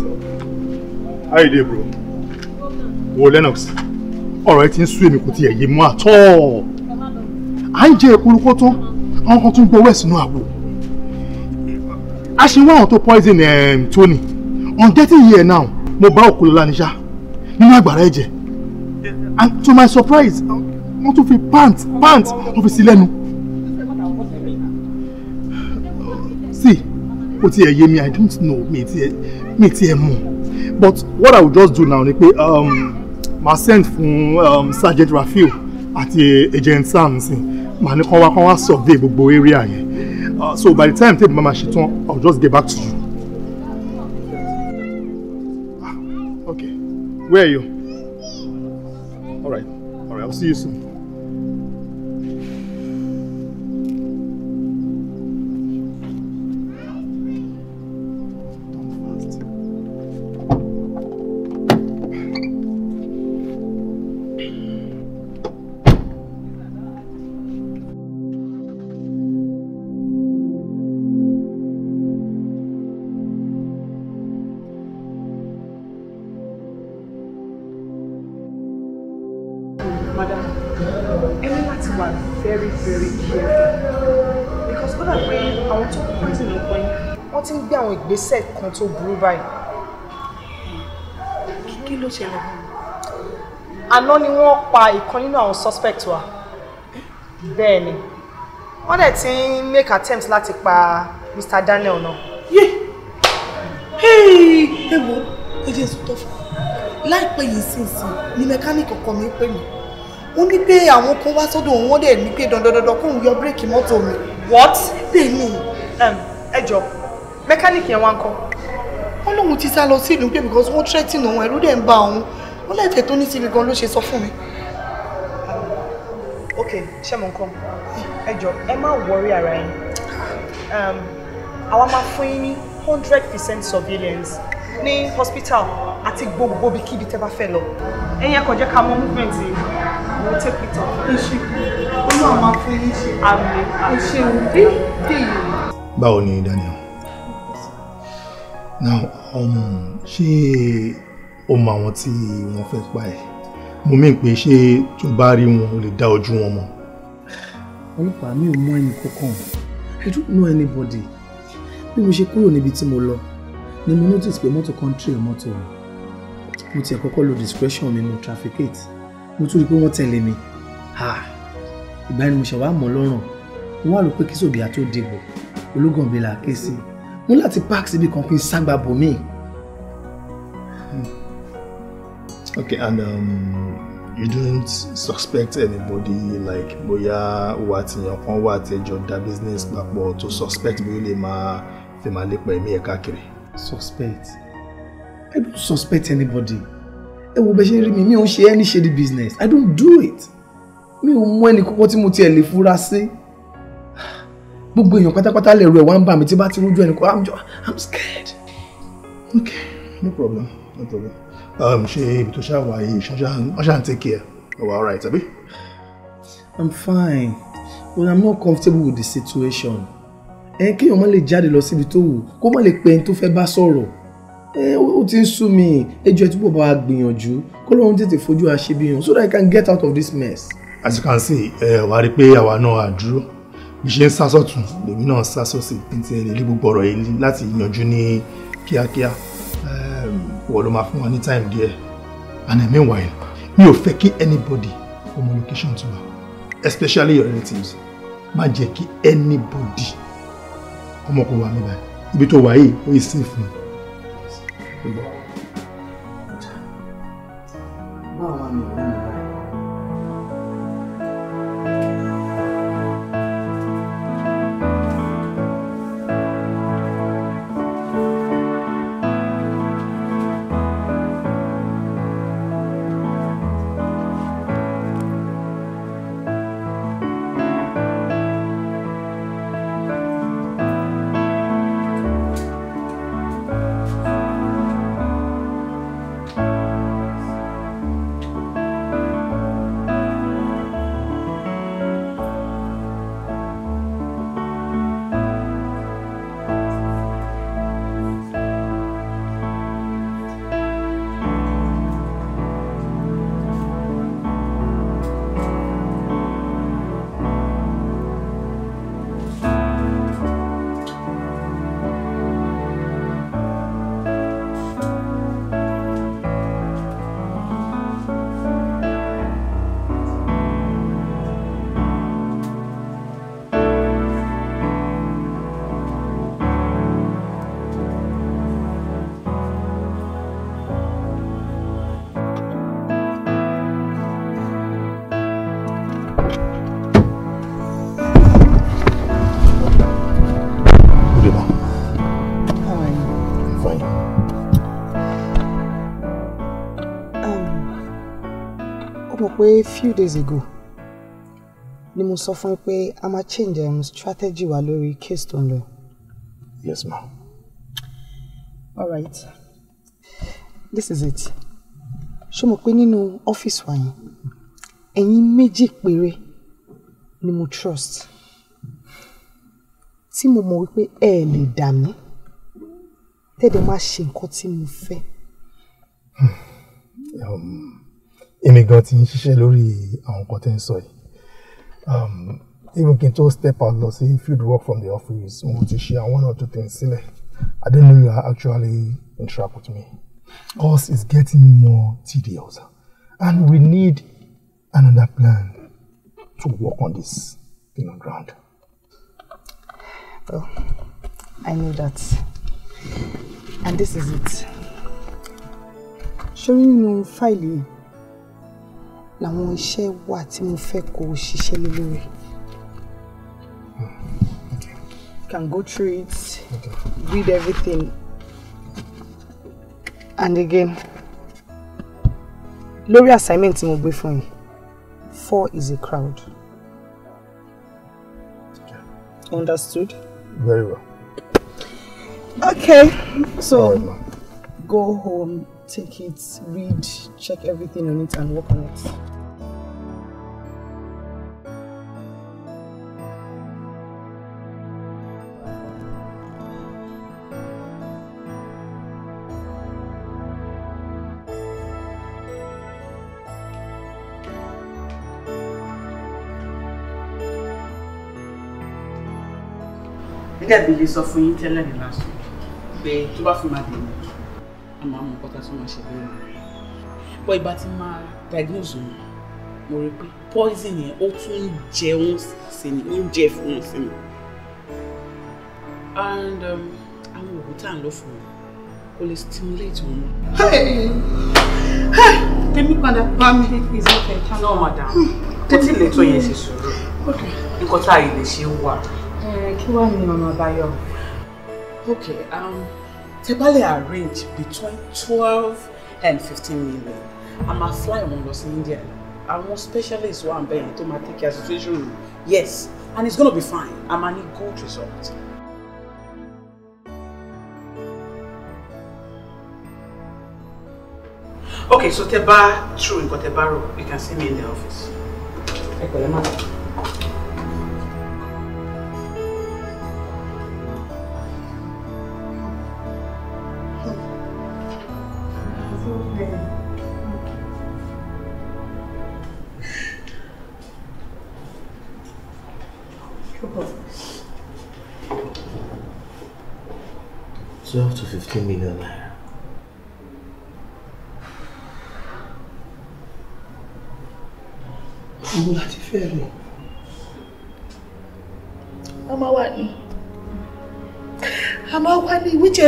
How you doing, bro? Oh, Lennox, ọ̀rọ̀ ẹ ti ń sú èmi kò ti ẹ̀yẹ mọ́ àtọ́. I'm ń jẹ ìpolúkọ tán, àwọn kan tún gbowó ẹ̀sìn náà àbò. poison um, Tony. I'm getting here now, mo bá òkú lọ́la níṣá nínú And to my surprise, wọ́n tún fi pants pants of fi sí See kò tiẹ̀ yé mi i don't know mi tiẹ̀ mi tiẹ̀ mọ̀ but what i will just do now ni pé um, ma send fún um, sergeant rafiu àti agent sam sí ma ní kán wá kán wá survey gbogbo area yẹn uh, so by the time table mama ṣe tán i will just get back to you. Ah, okay where are you? all right all right I'll see you soon. ìgbésẹ̀ kan tó burú báyìí. kí ló ṣẹlẹ̀? àná ni wọ́n pa ìkan nínú àwọn suspect wa bẹ́ẹ̀ ni wọ́n dẹ̀ ti ń make attempt láti pa Mr. Daniel náà. yé ẹ wo ẹ jẹ́ sọ tọ́ fún mi láìpẹ́ yìí sínsìn ni mẹkáníìkì ọkọ mi pè mí wọ́n ní pé àwọn kan wá sọ́dọ̀ òun wọ́n dẹ̀ ní pé dandandandan kóun yọ bírèkì mọ́tò mi. what? bẹ́ẹ̀ ni. ẹ jọ mẹkáníìkì yẹn wá ń kọ́ wọ́n lóun ti sá lọ sí pé because wọ́n threatening òun ẹ̀rú dẹ̀ ń ba òun wọ́n lẹ́tẹ̀ tó ní síbi gan ló ṣe sọ fún mi. Um, ok ṣé mo ń kọ́ ẹ jọ ẹ má wọrí ara yín um, àwa máa fún yín ní hundred percent surveillance ní hospital àti gbogbo ibikíbi tẹ́ bá fẹ́ lọ ẹ̀yin ẹ̀kọ́ jẹ́ ká mọ movement yìí mo take it off. ẹ ṣe olú àwọn afẹ́ yín ṣe àmì ẹ òbí dèyí. báwo ni Daniel now um, ṣé o mọ àwọn tí wọ́n fẹ́ pa ẹ̀ mo mí pé ṣé tó bá rí wọn o lè dá ojú wọn mọ̀. ọlọ́pàá mi ò mọ ẹnì kankan I don't know anybody bí mo ṣe kúrò níbi tí mo lọ ni mo notice pé mọ́tò kan trail mọ́tò wọn mo tiẹ̀ kọ́kọ́ lo discretion mi mo trafficate mo tún rí i pé wọ́n tẹ̀lé mi ìgbà ni mo ṣe wá mọ̀ lọ́rùn wọ́n wà ló pé kí sòbíà tó dìbò ológànbí là á sí i mo láti park síbi kan kí n ságbá bò mí. okay and um, you don't suspect anybody like bóyá wà tìyàn kan wà tẹjọ da business papọ̀ to suspect bí ó lè máa fi máa lépa ẹ̀mí ẹ̀ káàkiri. suspect i don't suspect anybody ẹ wo bẹ ṣe rí mi mi ò ń ṣe any shady business i don't do it mi ò mú ẹnì kókó tí mo tiẹ̀ lè fura sí. Si gbogbo èèyàn pátápátá lè ẹ̀ wá ń bà mí tí bá ti rújú ẹnì kan i'm i'm scared. okay no problem no problem um, ṣe ibi tó ṣáà wà yìí ṣáà ṣáà ń take care ọwọ oh, all right àbí. i'm fine but i'm not comfortable with the situation ẹ kéèyàn má lè jáde lọ síbi tó wù kó má lè pe ẹni tó fẹ́ bá sọ̀rọ̀ ẹ ó ti ń sú mi ẹjọ́ ẹ túbọ̀ bá a gbìyànjú kó lóun tètè fojú àṣebíyàn so that i can get out of this mess. as you can see ẹ wàá rí i pé àwa náà á bí ṣe ń sá sọ́tún lèmi náà sá sọ́sì tí ẹ lè gbogbo ọ̀rọ̀ yìí láti yanjú ní kíákíá wọ́n ló máa fún wa ní time díẹ̀ and then meanwhile mi ò fẹ́ kí anybody ọmọ location tó wà especially your relatives má jẹ́ kí anybody ọmọkùnrin wa mi báyìí ibi tó wà yìí ó yìí sí fún mi. báwo ni o. pé few days ago ni mo sọ fún yín pé a máa change um, strategy wa lórí case tó ń lọ. yes ma. Am. all right this is it ṣé mo pé nínú ọ́fíìsì wa yẹn ẹ̀yin méjì péré ni mo trust tí mo mọ̀ wípé ẹ lè dà mí tẹ́lẹ̀ máa ṣe nǹkan tí mo fẹ́. Hmm. um, èmi gan ti ń ṣiṣẹ́ lórí àwọn nǹkan tẹ́ ń sọ yìí um, even kí n tó step out lọ sí field work from the office mo ti ṣe àwọn náà tó tẹ̀ sílẹ̀ I don't know you are actually interact with me Us is getting more tedious and we need another plan to work on this thing on ground. Well, I know that. And this is it. Ṣé o rí nínú làwọn iṣẹ́ wà tí mo fẹ́ kó o ṣiṣẹ́ lé lórí. Can go through it, okay. read everything. And again, lórí assignment tí mo gbé fún yín, four is a crowd. Understood? Very well. Okay, so right, go home take it, read, check everything on it, and work on it. gẹ́gẹ́ bí lè sọ fún yín tẹ́lẹ̀ ní lásán pé tó bá fi máa dènà a máa mọ nǹkan tá a tún máa ṣe lórí mi bọ́ ìbá ti máa diagnose mi mo rí pé poison yẹn ó tún ń jẹ wọ́n sí ni ó ń jẹ fún wọn sí ni and um, àwọn oògùn tá à ń lò fún wọn kò lè stimulate wọn. tèmi padà bá mi. is it okay? no madam kò tí ì lè tó yẹn hmm. ṣe sùúrù nǹkan tá a yìí lè ṣe wà. Eh, kí wàá ní ọ̀nà àbáyọ. okay. Um, tẹ bá lè arrange between twelve and fifteen million a fly wọn lọ sí India àwọn specialist wà ń bẹ̀yẹn tó máa take care situation yes and it's gonna be fine a máa ní good result. okay so tẹ true nǹkan tẹ you can see me in the office. ẹ pẹ̀lẹ́ máa.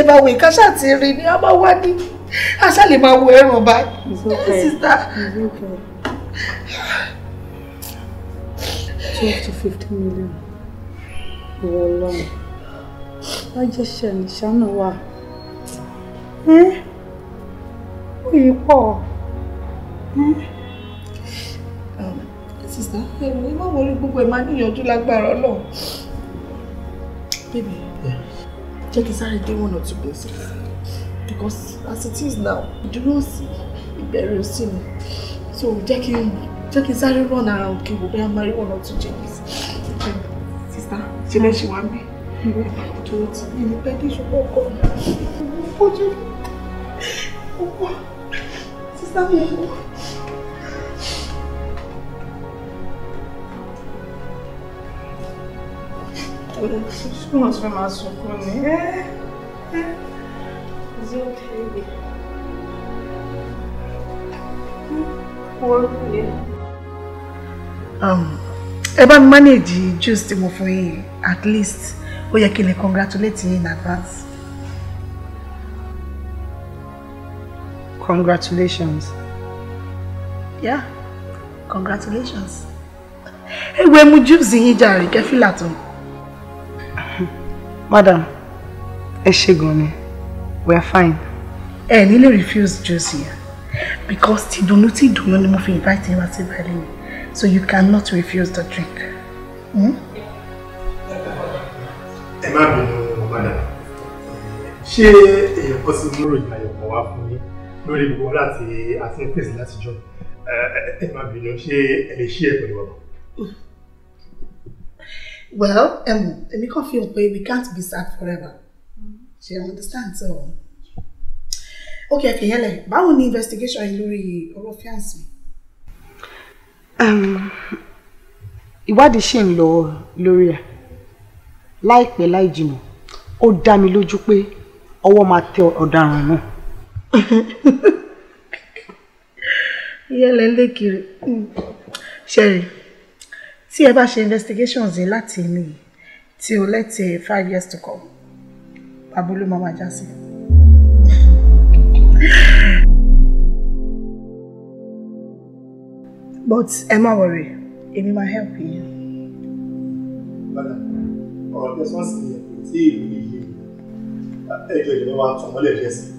máa wò ìkáṣá ti rí ni a máa wá ní àṣà lè máa wo ẹrùn báyìí sísá. twelve to fifteen million ìwọ ọlọ́run wọ́n jẹ́ ṣẹlẹ̀ ṣáná wa hmm? ó yí pọ̀ sísá ẹ̀wọ̀n ìmọ̀ wọlé gbogbo ẹ̀ máa níyànjú lágbára ọlọ́run jẹ́ kí n sáré dé one or two places because as it is now ìdúró sí ìbẹ̀rù sí mi so jẹ́ kí n jẹ́ kí n sáré rọ̀nà ara òkè wò bóyá máa one or two changes sista ṣe lẹ́ṣẹ̀ wá mi tó ti ní ní the dé ṣùgbọ́n ọkọ mi ojú ọkọ sista mi kú. ṣé mo ti fẹ́ máa sunkún ni? Is it okay? Wọ́ọ̀rì. Ẹ bá manage just tí move for you at least ó yẹ kí n lè congratulate yín in advance. Congratulations. Yeah, congratulations. Ẹ wo ẹ mu juice yín jàre kẹfìlà tán madam ẹ ṣe gan we are fine. ẹ ní lè refuse Josie because ti do not dunu ni mo fi invite yín wá sí ìbàdàn so you cannot refuse the drink. Hmm? ẹ má bínú madam ṣé èèyàn kan sí lórí ìtayọ̀ kan wá fún yín lórí gbogbo láti àti pèsè látijọ́ ẹ má bínú ṣé ẹ lè ṣí ẹ pẹ̀lú ọ̀rọ̀ well um, èmi kàn fi hàn pé we can't be sad forever ṣe mm. understand so ok Ẹfìyẹlẹ báwo ni investigation yìí lórí ọ̀rọ̀ fiance. Um, ìwádìí ṣì ń lọ lórí ẹ̀ láìpẹ́ láì jìnnà ó dá mi lójú pé ọwọ́ máa tẹ ọ̀daràn náà. ìyẹlẹ ń lé kiri ṣẹ́rí tí ẹ bá ṣe investigations yìí láti inú yìí tí o lẹ́tẹ̀ five years to come bàbá olú máa ma já sí. but ẹ má worry èmi máa help yín. ọ̀rọ̀ tẹ̀sán sí ni kò tí ì rí iye ẹjọ́ ìjọba wa tàn mọ́lẹ̀ díẹ̀ sí.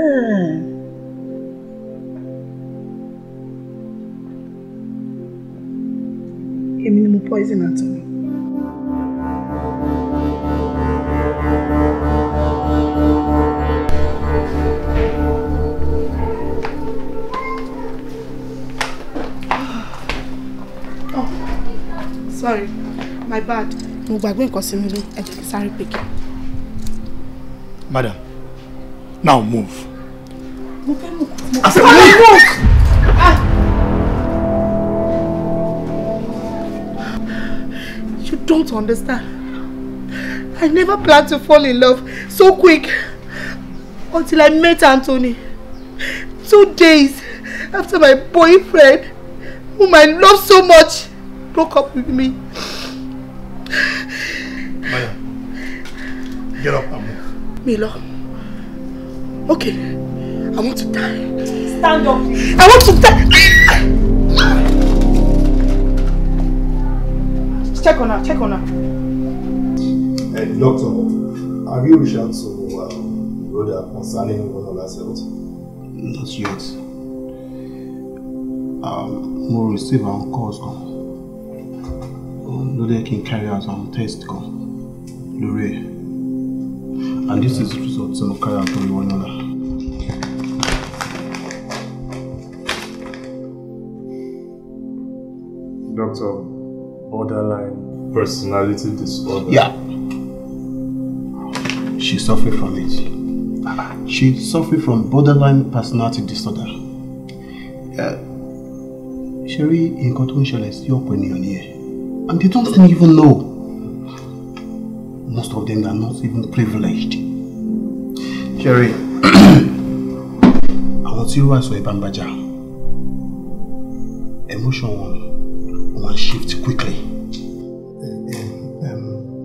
Eh. poison at all. Oh, sorry, my bad. Mo gbàgbé nǹkan sí mi ní ẹ jẹ́ kí sáré pèkì. Madam, now move. Mo fẹ́ mú. I said move! don't understand. I never planned to fall in love so quick until I met Anthony. Two days after my boyfriend, whom I love so much, broke up with me. Maya, get up and move. Milo, okay, I want to die. Stand up. I want to die. Check on her, check on her. Hey, doctor, have you reached out to uh Rhoda concerning Ronola's health? Not yet. Um, we'll receive our calls come. Um, Lode can carry out some tests come. Lore. And this is the result so we'll carry out one Ronola. Doctor, personality disorder. Yeah. She suffered from it. She suffered from borderline personality disorder. Sherry, uh, in nǹkan tó ń ṣẹlẹ̀ sí ọ̀pọ̀ And they don't even know. Most of them are not even privileged. Ṣé rí àwọn you ó wà sọ ìbànújẹ́ emotion wọn shift quickly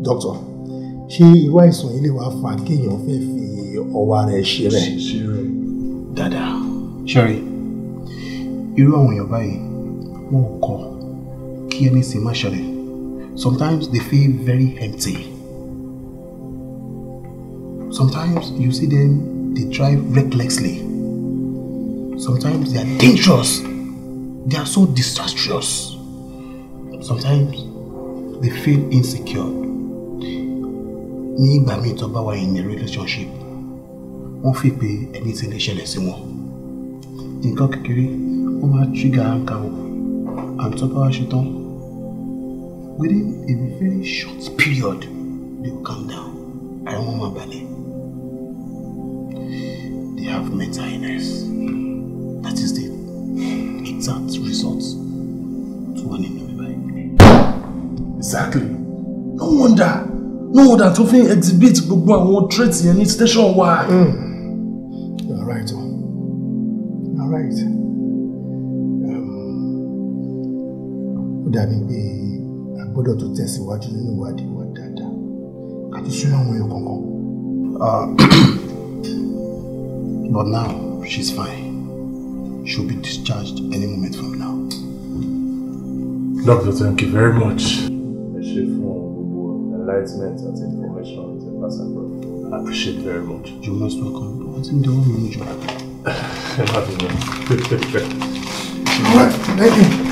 doctor ṣé irú àìsàn yìí lè wá fa kéèyàn fẹ́ fi ọwọ́ ara ẹ̀ ṣe rẹ̀. ṣe rẹ̀ dáadáa ṣẹ́rí irú àwọn èèyàn báyìí wọn ò kí ẹni sì má ṣẹlẹ̀ sometimes they feel very empty sometimes you see them they drive recklessly sometimes they are dangerous they are so disastrous sometimes they feel insecure ní ìgbà míì tó bá wà in a relationship wọ́n fi pé ẹni tí lè ṣẹlẹ̀ sí wọn nǹkan kékeré wọ́n máa trigger anka wọn and tó bá wá ṣe tán within a very short period they calm down ara wọn máa balẹ̀ they have mental illness that is the exact result to one in the way. exactly no wonder no that tó fi ń exhibit gbogbo àwọn trait yẹn ní station wa. Mm. you are right o you are right um, ó dàbí pé a gbọ́dọ̀ tó tẹ̀síwájú nínú ìwádìí wa dáadáa ká tó súnmọ́ àwọn èèyàn kankan. Uh, but now she is fine she will be discharged any moment from now. Doctor, thank you very much. enlightenment and information to I appreciate very much. You're most welcome. What's in the room, major? All right, thank you.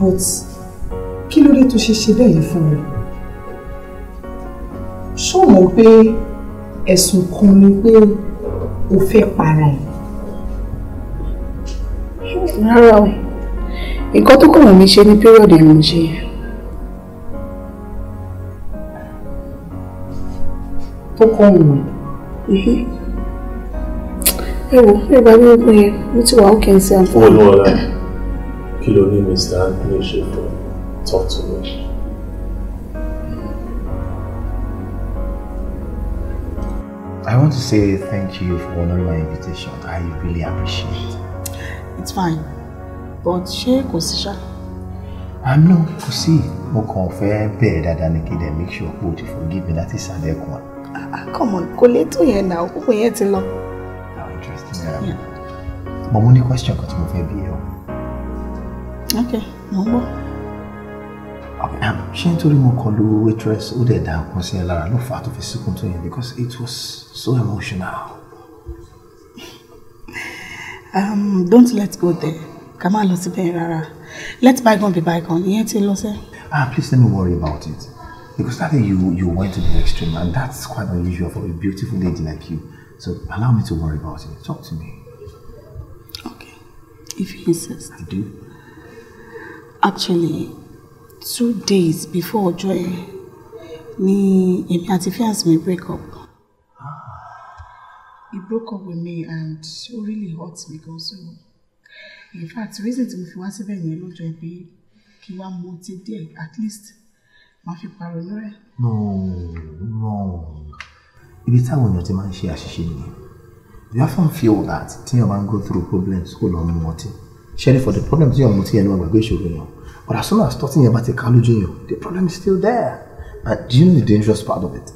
but kí ló dé tó ṣe ṣe bẹ́ẹ̀ yìí fún mi ṣó mọ̀ pé ẹ̀sùn kan ni pé o fẹ́ para ẹ̀. rárá o nǹkan tó kàn mí ṣe ní pírọ̀dì ni mo ṣe. tó kàn mí. Mhm. ẹ wo ẹ bá mi wọ́n pé mo ti wà ó kí n ṣe àǹfààní kí ló ní Mr. Anthony talk to me. I want to say thank you for honoring my invitation. I really appreciate it. It's fine. But ṣé kò sí ṣá? Àná ah, kò sí. Mo kàn fẹ́ bẹ̀rẹ̀ dáadáa make sure you o ti forgive me láti ìsàlẹ̀ ẹ̀kún wa. Come on, kò lè tó yẹn náà, òkú yẹn ti How interesting. yeah. mo ní question kan tí mo fẹ́ Okay, mo ń gbọ́. Um, ṣé nítorí mo kọ lu waitress ó dẹ̀ da nǹkan sí ẹ lára ló fà á tó fi síkùn tó yẹn because it was so emotional. um, don't let go there ká má lọ síbẹ̀ rárá let bygone be bygone ìyẹn ti lọ sẹ́. ah please let me worry about it because that day you you went to the extreme and that's quite unusual for a beautiful lady like you so allow me to worry about it talk to me. okay if you insist. I do actually two days before ọjọ́ yẹn ni èmi àti fiance mi break up. Ah. He broke up with me and it really hurt me gan so. In fact, the reason tí mo fi wá síbẹ̀ yẹn lọ́jọ́ ẹ pé kí wá mú ọtí díẹ̀ at least máa fi pàrọ̀nù rẹ̀. No, no. Ibi táwọn èèyàn ti máa ń ṣe àṣìṣe nìyẹn. You often feel that tí èèyàn bá ń go through problems kò lọ mú ọtí ṣẹ́ni for the problem you are mú tí yẹn ní wọn gbàgbé but as soon as talking about the ti ká the problem is still there and do you know the dangerous part of it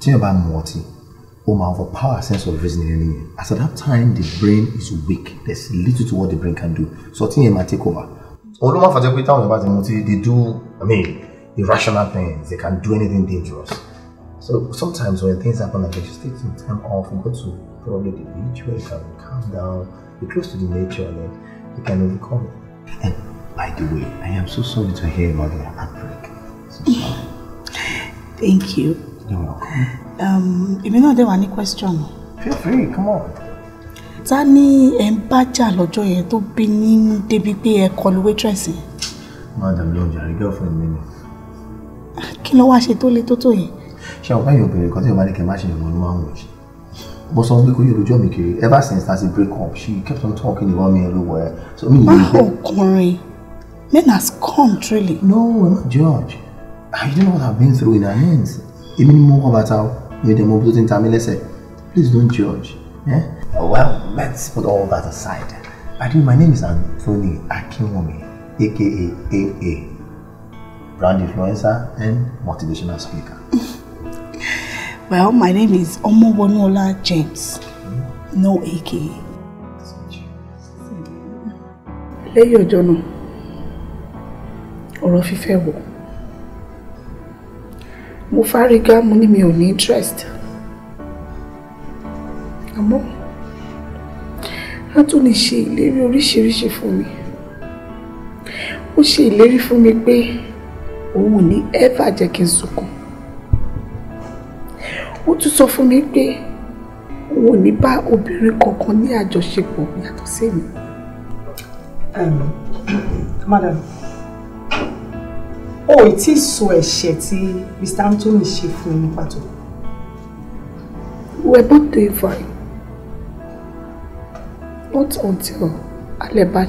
tí about bá oh, my overpower sense of reasoning as at that time the brain is weak There's little to what the brain can do so tí yẹn take over. Although ló máa fàjẹ́ pé táwọn yẹn bá they do i mean irrational things they can do anything dangerous so sometimes when things happen like this, just take some time off and go to probably the beach where you can calm down be close to the nature then you can overcome it. And by the way, I am so sorry to hear about the heartbreak. So sorry. Thank you. You're welcome. Um, if you know there were any questions. Feel free, come on. Ta ni ẹ ń bá jà lọ́jọ́ yẹn tó bí ní débi waitress yẹn? Madam Lọ́njà, rí girlfriend mi ni. Kí ló wá ṣe tó le tó tó yẹn? Ṣé ọ̀pá yóò bèrè kan tí o bá ní kí n má ṣe ìrànlọ́wọ́ àwọn but some people you join me ever since as a break she kept on talking about me everywhere so me. má ọkùnrin men has come truly. no not judge. i don't know what i've been through in her hands Even more about how bàtà o mi ò dẹ̀ mọ Let's say, please don't judge. Yeah. Oh, well let's put all that aside by the way my name is Anthony Akimomi, aka AA brand influencer and motivational speaker. Well, my name is Omobonola James, no AKA. Lay your náà, ọ̀rọ̀ fífẹ́ wọ̀. Mo fárígá mo ní mi ò interest. Amo. Anthony ṣe ìlérí oríṣiríṣi fún mi. for me. ìlérí fún mi for me. ò ní ever jẹ́ kí n ó tún sọ fún mi pé òun ò ní bá obìnrin kankan ní àjọṣepọ̀ yàtọ̀ sí mi. madam o ì tí ì sọ ẹ̀ṣẹ̀ tí mr anthony ṣe fún mi pàtó. we're both doing fine not until alẹ́ bá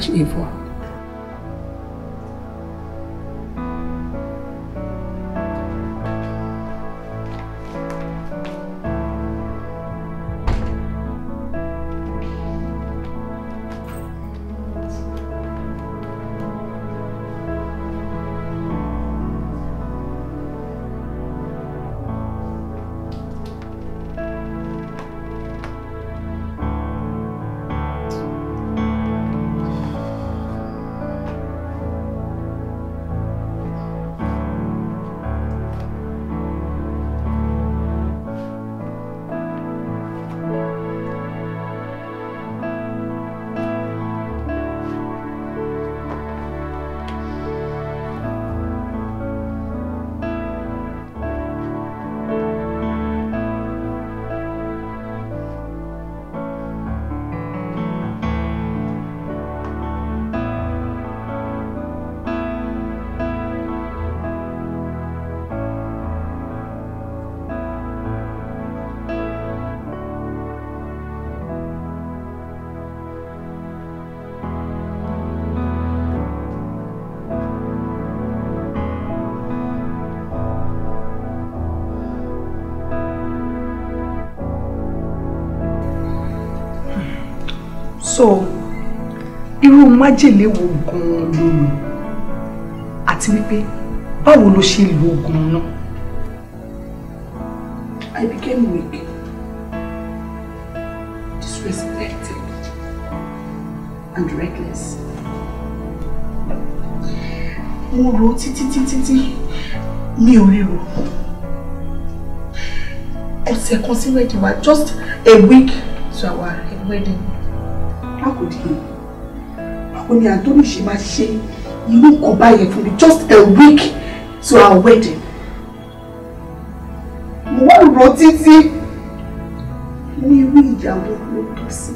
sọ irú májèlé wo gan ló lò àti wípé báwo ló ṣe lo oògùn náà. I became weak, disrespected, and reckless. Mo rò títí títí tí mi ò ríro. Ọ̀sẹ̀ kan sí wedding wa just a week to our wedding could Akudi, báwo ni Anthony ṣe máa will irú kan báyẹn for me. just a week to our wedding? Mo wá it. títí. Mo ní irú ìyàwó ló tọ́ sí.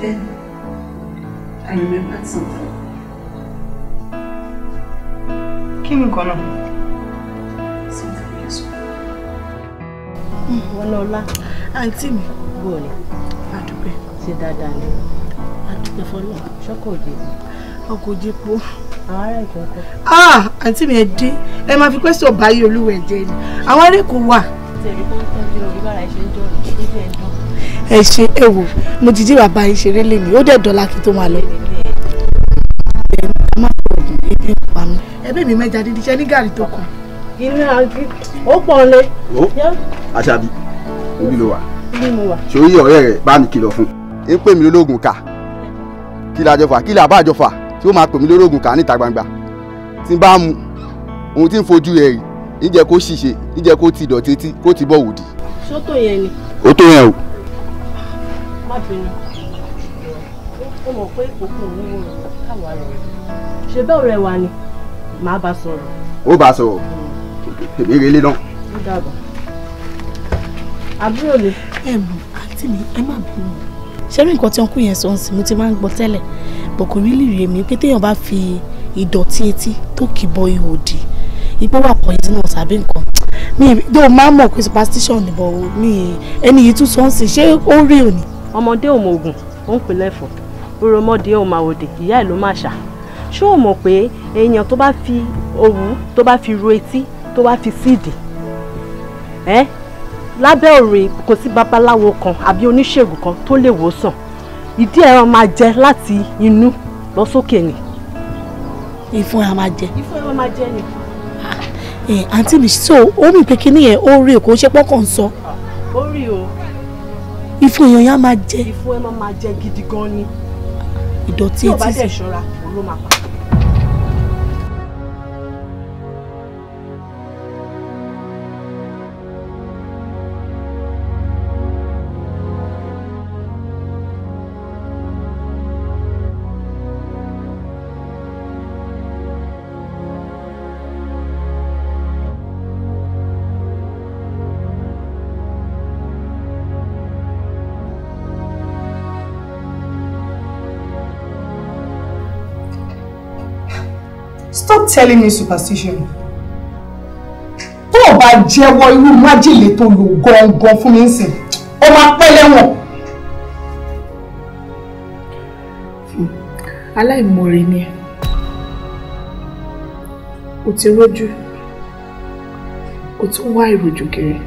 Then I remembered something. Kí ni nǹkan Something useful. Hmm, Wọ́n lọ lá àǹtí mi. bó o lè. àdúpẹ́. ṣe dáadáa ni. àdúpẹ́ fọlọ́ ṣọ́kọ̀ òjì. ọkọ̀ òjì po. àwọn ará ìjọ kọ. Ah, àǹtí mi ẹ dé ẹ máa fi pẹ́sọ̀ báyìí olúwẹ̀ jẹ ni àwọn ará èkó wà. tẹ̀lé kó ń tọ́jú orí bára ẹ ṣe ń jọ ẹ ṣe ẹ wò mo ti jí bàbá yìí ṣeré lè ní ó dẹ̀ dọ́là kí tó máa lọ ẹbí mi mẹja dídí iṣẹ́ ní gàrí tó kàn. iná ó pọ̀ lé. àṣàbí ibi ló wà sórí ọ̀rẹ́ rẹ̀ bá mi kìlọ̀ fún. ń pè mí lólógùn kà kí la jọ fà kí la bá jọ fà tí ó máa pè mí lólógùn kà níta gbangba tí n bá mu ohun tí n fojú rẹ̀ rí níjẹ́ kó ṣìṣe níjẹ́ kó ti dọ̀tí etí kó ti bọ̀ wòdì. sọ́tò yẹn ni. ó tó yẹn o. má bínú ó mọ̀ pé òkun òun wò káwa rẹ̀ ṣe bẹ́ẹ̀ ọ̀rẹ́ wa ni màá bá sọ̀rọ̀. ó bá sọ̀rọ̀ èmi rẹ̀ lé náà. ó dàgbà àbúrò ni. ẹ mọ àǹtí mi ẹ má bínú. ṣẹ́rí nǹkan tí ọkùnrin yẹn sọ ń sìn mo ti máa ń gbọ́ tẹ́lẹ̀ bọ̀ kò rí lìrì èmi pé téèyàn bá fi ìdọ̀tí etí tó kì bọ ihò dì ipò wà poisonous àbí nǹkan mi tó máa mọ̀ pé superstition ni bọ̀ mi ẹni yìí tún sọ ń sìn ṣé ó rí òní. ọmọdé ò mọ oògùn ó ń pè lẹ́fọ̀ọ́ oromọdé ò máa ìyá ẹ̀ ló máa ṣà ṣé o mọ̀ pé èèyàn tó bá fi òwú tó bá fi ru etí tó bá fi síìdì ẹ́ lábẹ́ òrìn kò sí babaláwo kan àbí oníṣègùn kan tó lè wòsàn ìdí ẹran máa jẹ láti inú lọ sókè ni. ìfun ẹran máa jẹ. ìfun ẹran máa jẹ ni. ẹ eh, àǹtí mi so ó mì pé kíní yẹn ó rí èkó ṣe pọ́kàn sọ. ó rí o. ìfun èèyàn yẹn á máa jẹ. ìfun ẹran máa jẹ gidi gan ni. ìdọ̀tí etí. tí ò bá dẹ̀ ṣọ́ra òun ló máa pa. telling me superstition. Tó o bá jẹ́wọ́ irú májèlé tó lò gangan fún mi nsìn, ó máa pẹ́ lẹ́wọ̀n. Aláìmoore ni ẹ. O ti rójú. O tún wá ìròjò kiri.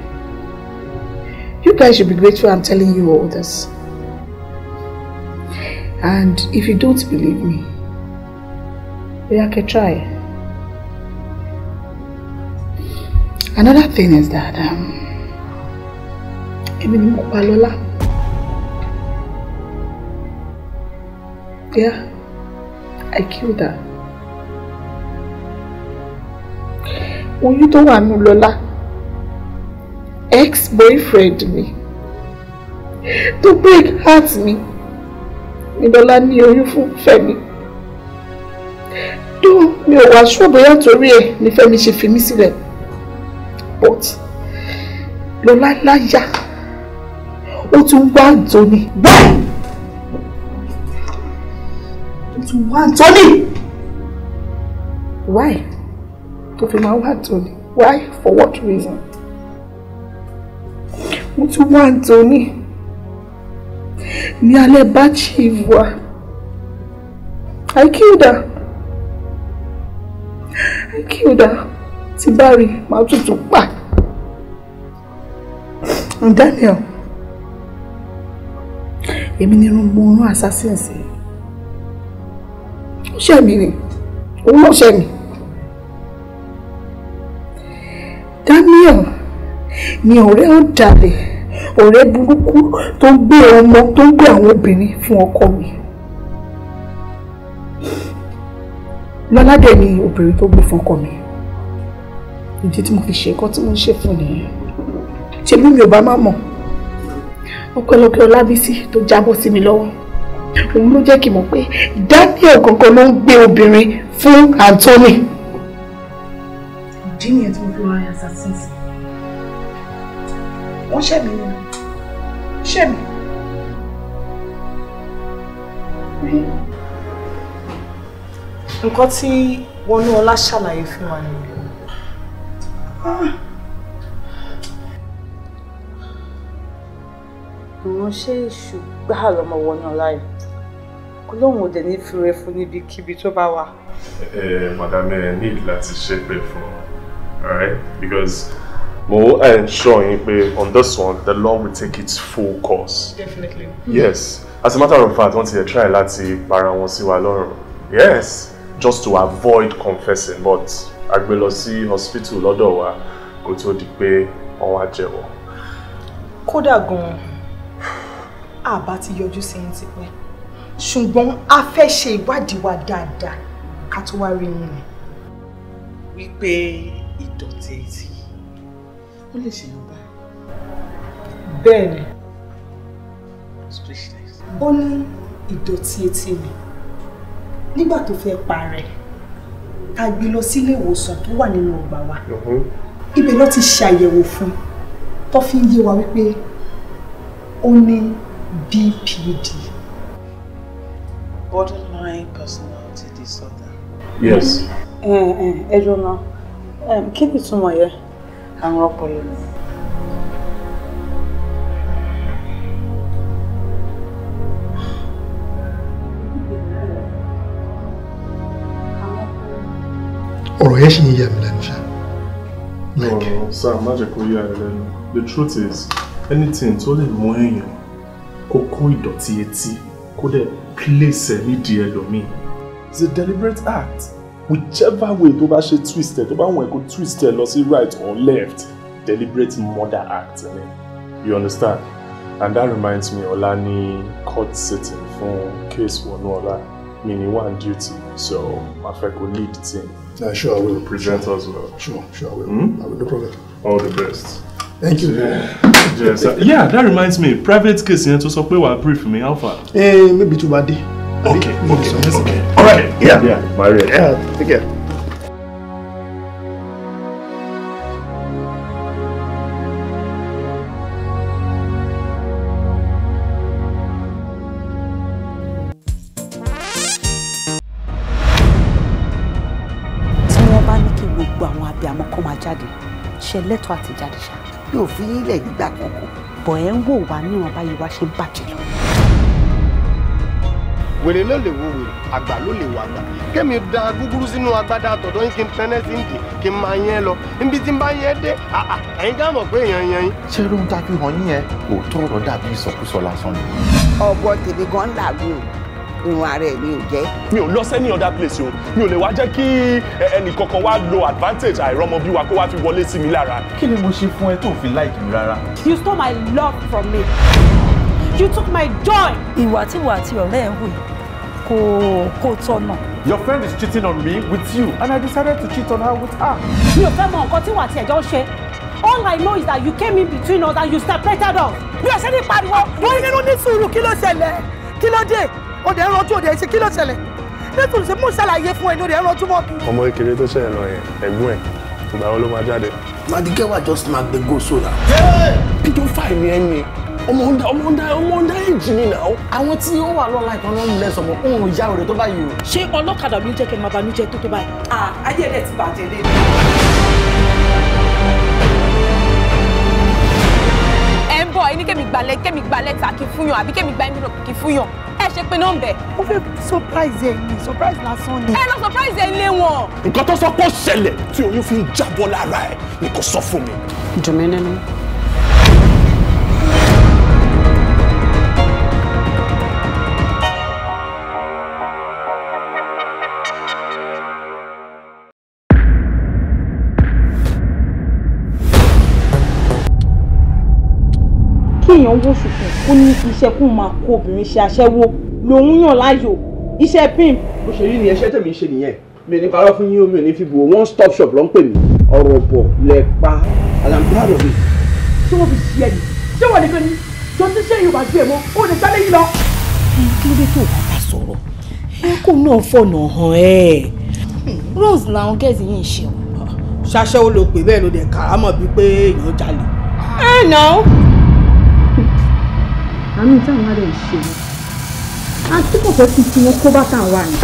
You guys should be grateful I'm telling you all this. And if you don't believe me, we can try. Another thing is that um, Èmi ni mo pa Yeah, I killed her. Oyún tó wà nù Lola, ex-boyfriend me, to break heart me, ni Lọ́lá ní oyún fún Fẹ́mi. Dùn mi ò wá ṣọ́ọ̀bù yàtọ̀ rí ẹ̀ ní Fẹ́mi ṣe fi mí sílẹ̀ airport lọ́lá láyà ó tún wá Anthony báyìí ó tún wá Anthony why tó fi máa wá Anthony why for what reason ó tún wá Anthony ní alẹ́ bá chief wa I killed her I killed her tí bá rí màá tutù pa. Mm, Daniel èmi ni mo rán assassin sí ó ṣẹ̀ mí ni òun ló ṣẹ̀ mí Daniel ni ọ̀rẹ́ ọ̀dàlẹ̀ ọ̀rẹ́ burúkú tó ń gbé ọmọ tó ń gbé àwọn obìnrin fún ọkọ mi lọ́ládẹ̀ ni obìnrin tó gbé fún ọkọ mi ìdí tí mo fi ṣe nǹkan tí mo ń ṣe fún nìyẹn ṣebí mi ò bá má mọ̀ ọpẹ́lọpẹ́ Ọlábísí tó jábọ́ sí mi lọ́wọ́ òun ló jẹ́ kí mọ̀ pé Daniel gangan ló ń gbé obìnrin fún Anthony. ìdí nìyẹn tí mo fi wá yàtọ̀ sí i wọ́n ṣẹ̀mí ni ṣẹ̀mí. nǹkan tí Wọnúọlá ṣàlàyé fún wa nìyẹn. Ah. ìránṣẹ́ èṣù gbáà lọmọ wọnú ọlá yìí ọlọ́run ò dẹ̀ ní fure fún níbikíbi tó bá wà. ẹ ẹ madam ẹ need láti ṣépè fún alright because mo ensure yín pé on this one the law will take its full course. definitely. yes as a matter of fact wọ́n ti ẹ̀ try láti para wọn sí wa lọ́rùn yes just to avoid confessing but a lọ sí hospital lọ́dọ̀ wa kó tó di pé wọ́n wá jẹ́wọ́. kódà gan-an àbá ti yọjú sí yín tipẹ́ ṣùgbọ́n a fẹ́ ṣe ìwádìí wa dáadáa ká tó wá rí yín ni. wípé ìdọ̀tí etí ó lè ṣèyàn bá. bẹ́ẹ̀ ni ó ní ìdọ̀tí etí mi nígbà tó fẹ́ parẹ́ ká gbé lọ sílé ìwòsàn tó wà nínú ọgbà wa mm-hmm. ibẹ̀ ló ti ṣàyẹ̀wò fún tó fi ń yé wa wípé ó ní BPD, borderline personality disorder. Yes. Eh, eh, náà, eh, kí ni ìtumọ̀ yẹ? Àrùn I'm ni. ọ̀rọ̀ yẹn ṣì ń yà mí lẹ́nu no sir má jẹ́ kó yà the truth is anything tó lè mú kó ìdọ̀tí etí kó dẹ̀ pílẹ̀sẹ̀ nídìí ẹlòmíì. it's a deliberate act whichever way tó bá ṣe twist ẹ̀ tó bá wọ̀n kó twist ẹ̀ lọ sí right or left deliberate murder act ni you understand and that reminds me ọ̀la ní court sitting fún case Wonuola mi ni one duty so ma fẹ́ kó lead team. Yeah, sure, I will. Present sure. us well. Sure, sure, I will. Mm? I will. No problem. All the best thank you. yes sir. yeah that reminds me private case yẹn to sọ pé wàá brief me. how far. ee eh, maybe two bá dé. okay okay okay, okay. alright yeah. yeah maria. Yeah, take care. ṣe lẹ́tọ̀ọ́ àti jáde ṣáà mi ò fi yín lẹ̀ nígbà kankan bọ̀ ẹ̀ ń wò wá níwọ̀n báyìí wá ṣe ń bàjẹ́ lọ. wèrè ló lè wo wèrè àgbà ló lè wo àgbà kémi da gúgúrú sínú agbádá àtọ̀dọ̀ yín kí n tẹ́lẹ̀ sí ìdè kí n máa yẹn lọ níbi tí n bá yẹn dé ẹ̀yin ká mọ̀ pé èèyàn yẹn yín. ṣé ló ń ta fi hàn yín yẹn òótọ́ ọ̀rọ̀ dàbí ìsọkúsọ lásán ni. ọ̀bọ tèmi gan làgùn o irun ara ẹ̀ mi ò jẹ́. mi ò lọ sẹ́ni other place o mi ò lè wá jẹ́ kí eh, ẹnìkankan wá lo advantage àìrọ́mọbíwa kó wá fi wọlé sí mi lára. kí ni mo ṣe fún ẹ tó fi like mi rárá. you stole my love from me you took my joy. ìwà tí wà á ti ọ̀rẹ́ ẹ̀ wù kò kò tọ̀nà. Your friend is cheating on me with you and I decided to cheat on her with her. Mi ò fẹ́ mọ nǹkan tí wà á ti ẹ̀jọ́ ṣe. All I know is that you came in between us and you separated us. Bí ọ̀sẹ̀ ní pariwo, wọ́n nínú ní sùúrù kí ló ṣẹlẹ̀? Kí ló dé? ó dẹ̀ ń rọjú ó dẹ̀ ṣe kí ló ṣẹlẹ̀ nítorí ṣe mú ṣàlàyé fún ẹ ní ó dẹ̀ ń rọjú mọ́ bí. ọmọ kékeré tó ṣẹlẹ̀ lọ yẹn ẹ̀gbọ́n ẹ̀ ìgbà wo ló máa jáde. madigewa just smack the goal so na. pedophile ni ẹni ọmọ ọ̀dà ọmọ ọ̀dà ọmọ ọ̀dà èjì ni nà. àwọn tí ó wà lọ́la ìkan náà ń lẹ̀ sọ̀mọ́ òun ò yá òde tó báyìí o. ṣé ọlọ́kadà ló ń jẹ́ kẹ́ máa banújẹ́ tó tó báyìí. ayé ẹ̀ ti bàjẹ́ lé. bọ̀ ẹni kẹ́mi gbalẹ̀ kẹ́mi gbalẹ̀ ta kí fún yàn àbí kẹ́mi gba ẹni kí fún yàn ẹ ṣe pé nọ́mbẹ. mo fẹ́ surprise ẹ ní surprise lásán ni. ẹ lọ surprise ẹ lé wọn. nǹkan tó sọ pé ó ṣẹlẹ̀ tí oyún fi ń jábọ́ lára ẹ̀ ni kò sọ fún mi. jùmí nínú. kéèyàn wò ṣùkùn kó ní iṣẹ́ kó máa kó obìnrin ṣe aṣẹ́wó lòun yàn láàyò iṣẹ́ pimp. bó ṣe rí ni ẹṣẹ́ tèmi ṣe nìyẹn mi ò ní parọ́ fún yín omi ò ní fi bò one stop shop ló ń pè mí ọ̀rọ̀ bọ̀ lẹ pa alàmúlàdọ̀ mi. ṣé wọ́n fi ṣí ẹni ṣé wọ́n nìkan ni jọ tí ṣé yorùbá ju ẹ̀ mọ́ ó lè sáré yìí lọ. kí ló dé tó bá bá sọ̀rọ̀ ẹ náà fọ̀nà hàn ẹ́. rose làwọn gẹ̀ẹ́sì yìí ń ṣe o. ṣaṣẹ́wó ló pè bẹ́ẹ̀ ló dẹ̀ kàrámọ̀ bíi pé èèyàn jalè. ẹ ah, náà àmì táwọn ará ìṣe ni àti kò fẹ́ fi tiwọn kó bá táwọn ni.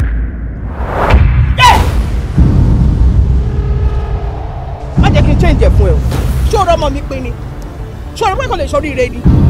má jẹ́ kí n ṣe ìjẹ̀ fún ṣé o rọ́ mi pé ni ṣé o rọ́ kò lè ṣoríire ni.